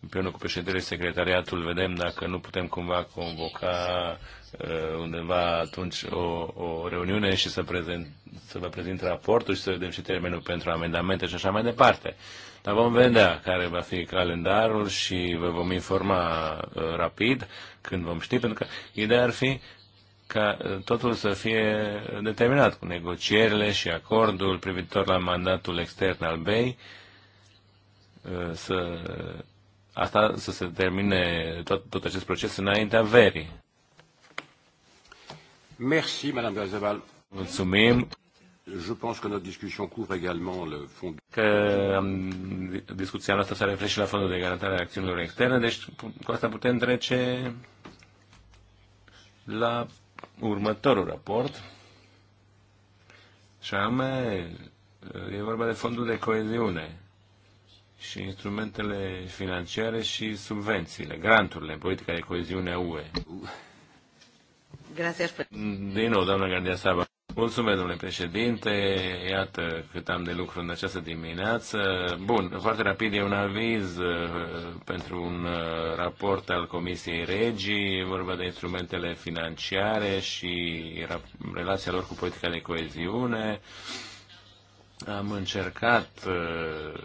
S2: Împreună cu președintele secretariatul vedem dacă nu putem cumva convoca uh, undeva atunci o, o reuniune și să, prezent, să vă prezint raportul și să vedem și termenul pentru amendamente și așa mai departe. Dar vom vedea care va fi calendarul și vă vom informa rapid când vom ști, pentru că ideea ar fi ca uh, totul să fie determinat cu negocierile și acordul privitor la mandatul extern al BEI, uh, să, asta să se termine tot, tot acest proces înaintea verii. Merci, Madame Gazabal. Mulțumim. Je pense que notre discussion couvre également le fond. Că discuția noastră s-a referit și la fondul de garantare a acțiunilor externe, deci cu asta putem trece la următorul raport, și anume e vorba de fondul de coeziune și instrumentele financiare și subvențiile, granturile în politica de coeziune a UE. Gracias. Din nou, doamna Gandia Saba. Mulțumesc, domnule președinte. Iată cât am de lucru în această dimineață. Bun, foarte rapid e un aviz uh, pentru un uh, raport al Comisiei Regii, vorba de instrumentele financiare și relația lor cu politica de coeziune. Am încercat, uh,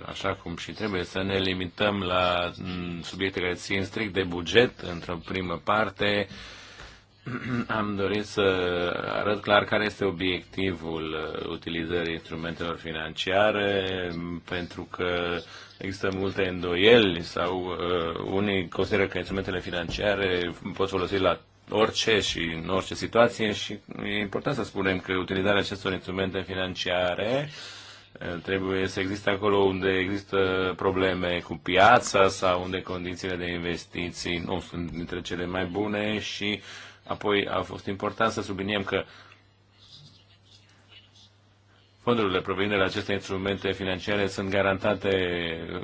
S2: așa cum și trebuie, să ne limităm la mm, subiecte care țin strict de buget într-o primă parte am dorit să arăt clar care este obiectivul uh, utilizării instrumentelor financiare, pentru că există multe îndoieli sau uh, unii consideră că instrumentele financiare pot folosi la orice și în orice situație și e important să spunem că utilizarea acestor instrumente financiare uh, trebuie să existe acolo unde există probleme cu piața sau unde condițiile de investiții nu sunt dintre cele mai bune și uh, Apoi a fost important să subliniem că fondurile provenind de la aceste instrumente financiare sunt garantate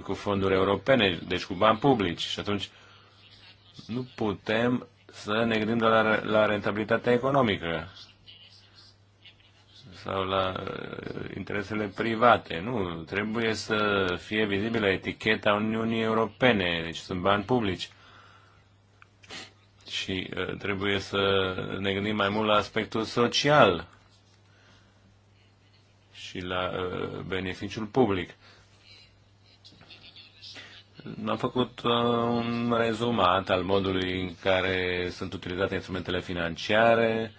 S2: cu fonduri europene, deci cu bani publici. Și atunci nu putem să ne gândim la, la rentabilitatea economică sau la uh, interesele private. Nu, trebuie să fie vizibilă eticheta Uniunii Europene, deci sunt bani publici și trebuie să ne gândim mai mult la aspectul social și la beneficiul public. Am făcut un rezumat al modului în care sunt utilizate instrumentele financiare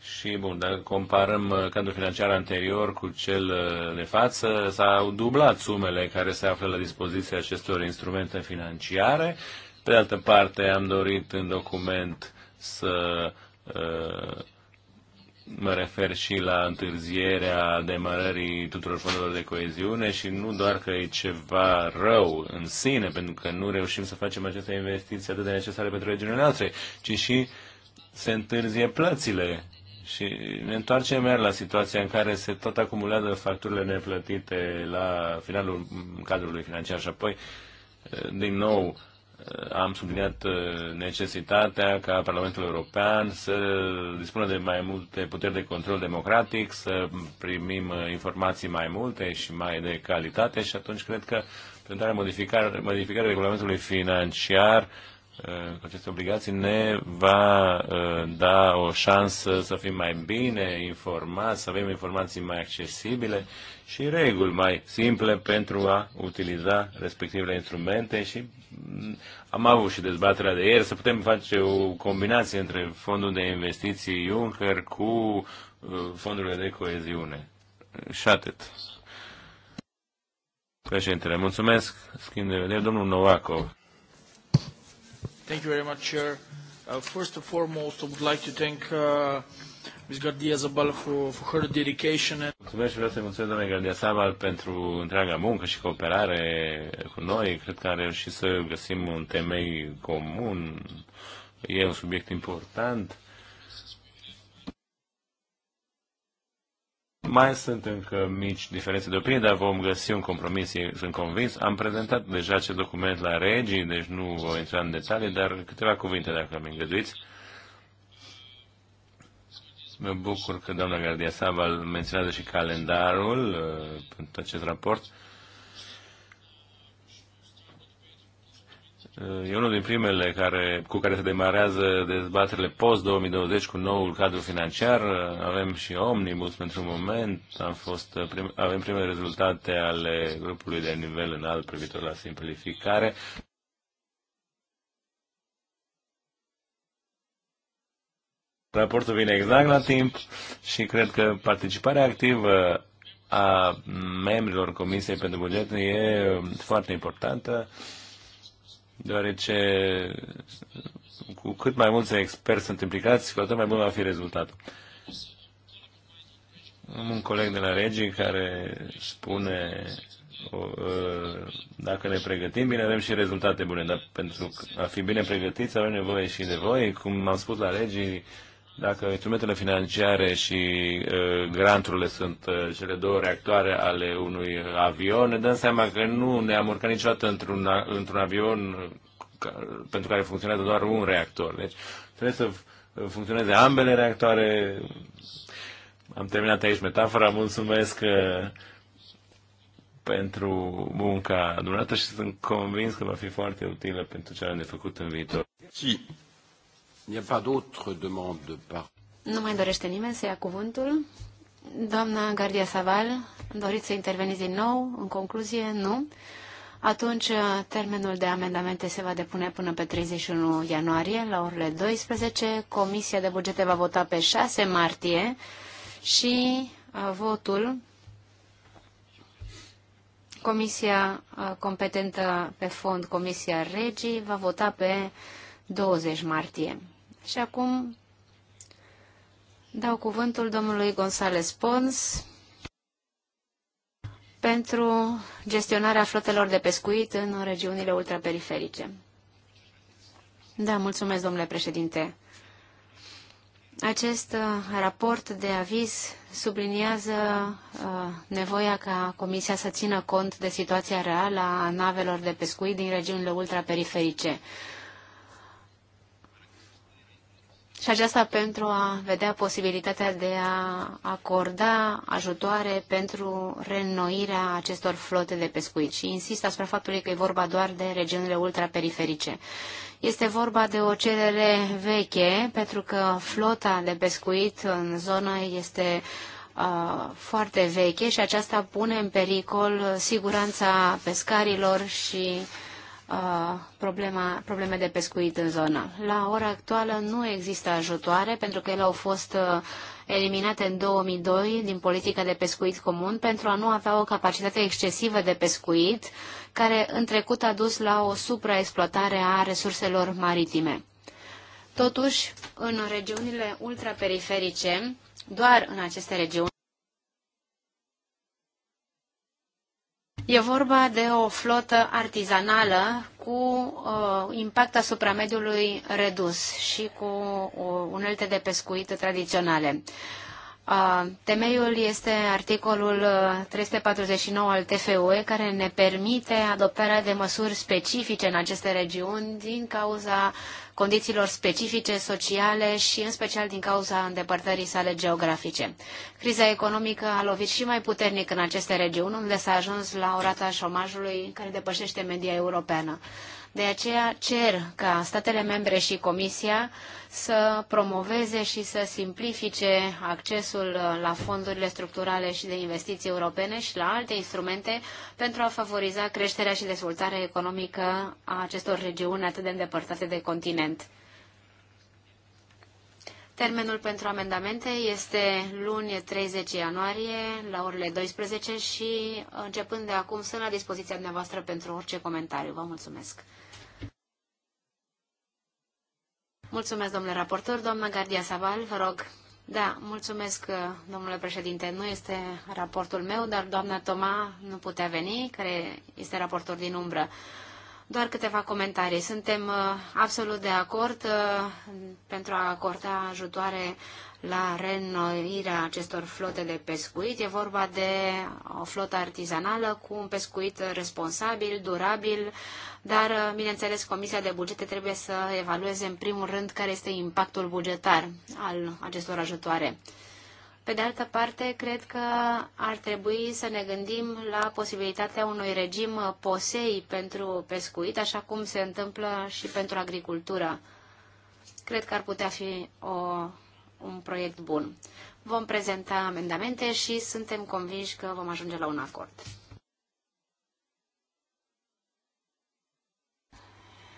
S2: și, bun, dacă comparăm cadrul financiar anterior cu cel de față, s-au dublat sumele care se află la dispoziția acestor instrumente financiare pe de altă parte, am dorit în document să uh, mă refer și la întârzierea demarării tuturor fondurilor de coeziune și nu doar că e ceva rău în sine, pentru că nu reușim să facem aceste investiții atât de necesare pentru regiunile noastre, ci și se întârzie plățile. Și ne întoarcem iar la situația în care se tot acumulează facturile neplătite la finalul cadrului financiar și apoi, uh, din nou, Uh, am subliniat uh, necesitatea ca Parlamentul European să dispună de mai multe puteri de control democratic, să primim uh, informații mai multe și mai de calitate și atunci cred că pentru a modificare regulamentului financiar cu uh, aceste obligații ne va uh, da o șansă să fim mai bine informați, să avem informații mai accesibile și reguli mai simple pentru a utiliza respectivele instrumente și mm, am avut și dezbaterea de ieri să putem face o combinație între fondul de investiții Juncker cu uh, fondurile de coeziune. Și atât. Președintele, mulțumesc. Schimb de vedere, domnul Novakov.
S1: Thank you very much, Chair. Uh, first and foremost, I would like to thank uh, Ms. Gardia Zabal for,
S2: for her dedication. And... Mulțumesc și vreau să-i mulțumesc doamnei Gardia Zabal pentru întreaga muncă și cooperare cu noi. Cred că am reușit să găsim un temei comun. E un subiect important Mai sunt încă mici diferențe de opinie, dar vom găsi un compromis, sunt convins. Am prezentat deja acest document la regii, deci nu voi intra în detalii, dar câteva cuvinte, dacă mi îngăduiți. Mă bucur că doamna Gardia Saval menționează și calendarul pentru uh, acest raport. Uh, E unul din primele care, cu care se demarează dezbaterile post-2020 cu noul cadru financiar. Avem și Omnibus pentru un moment. Am fost prim, avem primele rezultate ale grupului de nivel înalt privitor la simplificare. Raportul vine exact la timp și cred că participarea activă a membrilor Comisiei pentru Buget e foarte importantă deoarece cu cât mai mulți experți sunt implicați, cu atât mai bun va fi rezultatul. Am un coleg de la Regii care spune ă, dacă ne pregătim bine, avem și rezultate bune, dar pentru a fi bine pregătiți avem nevoie și de voi. Cum am spus la Regii, dacă instrumentele financiare și uh, granturile sunt uh, cele două reactoare ale unui uh, avion, ne dăm seama că nu ne-am urcat niciodată într-un, într-un avion uh, ca, pentru care funcționează doar un reactor. Deci trebuie să funcționeze ambele reactoare. Am terminat aici metafora. Mulțumesc uh, pentru munca dumneavoastră și sunt convins că va fi foarte utilă pentru ce am de făcut în viitor.
S1: Nu mai dorește nimeni să ia cuvântul. Doamna Gardia Saval, doriți să interveniți din nou? În concluzie, nu. Atunci, uh, termenul de amendamente se va depune până pe 31 ianuarie, la orele 12. Comisia de bugete va vota pe 6 martie și uh, votul Comisia uh, competentă pe fond, Comisia Regii, va vota pe 20 martie. Și acum dau cuvântul domnului González Pons pentru gestionarea flotelor de pescuit în regiunile ultraperiferice. Da, mulțumesc, domnule președinte. Acest uh, raport de aviz subliniază uh, nevoia ca Comisia să țină cont de situația reală a navelor de pescuit din regiunile ultraperiferice. Și aceasta pentru a vedea posibilitatea de a acorda ajutoare pentru reînnoirea acestor flote de pescuit. Și insist asupra faptului că e vorba doar de regiunile ultraperiferice. Este vorba de o cerere veche, pentru că flota de pescuit în zonă este foarte veche și aceasta pune în pericol siguranța pescarilor și uh, problema, probleme de pescuit în zonă. La ora actuală nu există ajutoare pentru că ele au fost eliminate în 2002 din politica de pescuit comun pentru a nu avea o capacitate excesivă de pescuit care în trecut a dus la o supraexploatare a resurselor maritime. Totuși, în regiunile ultraperiferice, doar în aceste regiuni, E vorba de o flotă artizanală cu uh, impact asupra mediului redus și cu uh, unelte de pescuit tradiționale. Uh, temeiul este articolul 349 uh, al TFUE care ne permite adoptarea de măsuri specifice în aceste regiuni din cauza uh, condițiilor specifice, sociale și în special din cauza îndepărtării sale geografice. Criza economică a lovit și mai puternic în aceste regiuni, unde s-a ajuns la o rata șomajului care depășește media europeană. De aceea cer ca statele membre și Comisia să promoveze și să simplifice accesul uh, la fondurile structurale și de investiții europene și la alte instrumente pentru a favoriza creșterea și dezvoltarea economică a acestor regiuni atât de îndepărtate de continent. Termenul pentru amendamente este luni 30 ianuarie la orele 12 și începând de acum sunt la dispoziția dumneavoastră pentru orice comentariu. Vă mulțumesc! Mulțumesc, domnule raportor. Doamna Gardia Saval, vă rog. Da, mulțumesc, domnule președinte. Nu este raportul meu, dar doamna Toma nu putea veni, care este raportor din umbră. Doar câteva comentarii. Suntem uh, absolut de acord uh, pentru a acorda ajutoare la reînnoirea acestor flote de pescuit. E vorba de o flotă artizanală cu un pescuit responsabil, durabil, dar, uh, bineînțeles, Comisia de Bugete trebuie să evalueze, în primul rând, care este impactul bugetar al acestor ajutoare. Pe de altă parte, cred că ar trebui să ne gândim la posibilitatea unui regim uh, posei pentru pescuit, așa cum se întâmplă și pentru agricultură. Cred că ar putea fi o, un proiect bun. Vom prezenta amendamente și suntem convinși că vom ajunge la un acord.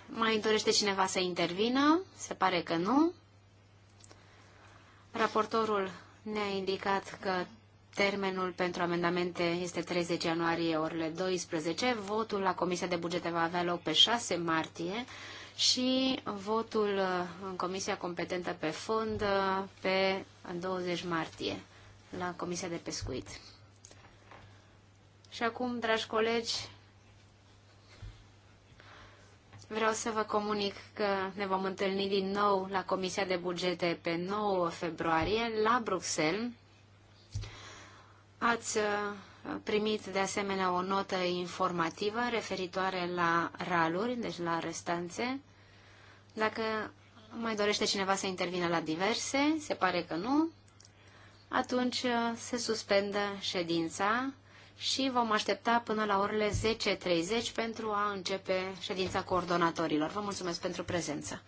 S1: Mai dorește cineva să intervină? Se pare că nu. Raportorul ne-a indicat că termenul pentru amendamente este 30 ianuarie orele 12. Votul la Comisia de Bugete va avea loc pe 6 martie și votul uh, în Comisia competentă pe fond uh, pe 20 martie la Comisia de Pescuit. Și acum, dragi colegi, Vreau să vă comunic că ne vom întâlni din nou la Comisia de Bugete pe 9 februarie la Bruxelles. Ați uh, primit de asemenea o notă informativă referitoare la raluri, deci la restanțe. Dacă mai dorește cineva să intervină la diverse, se pare că nu, atunci uh, se suspendă ședința și vom aștepta până la orele 10.30 pentru a începe ședința coordonatorilor. Vă mulțumesc pentru prezență.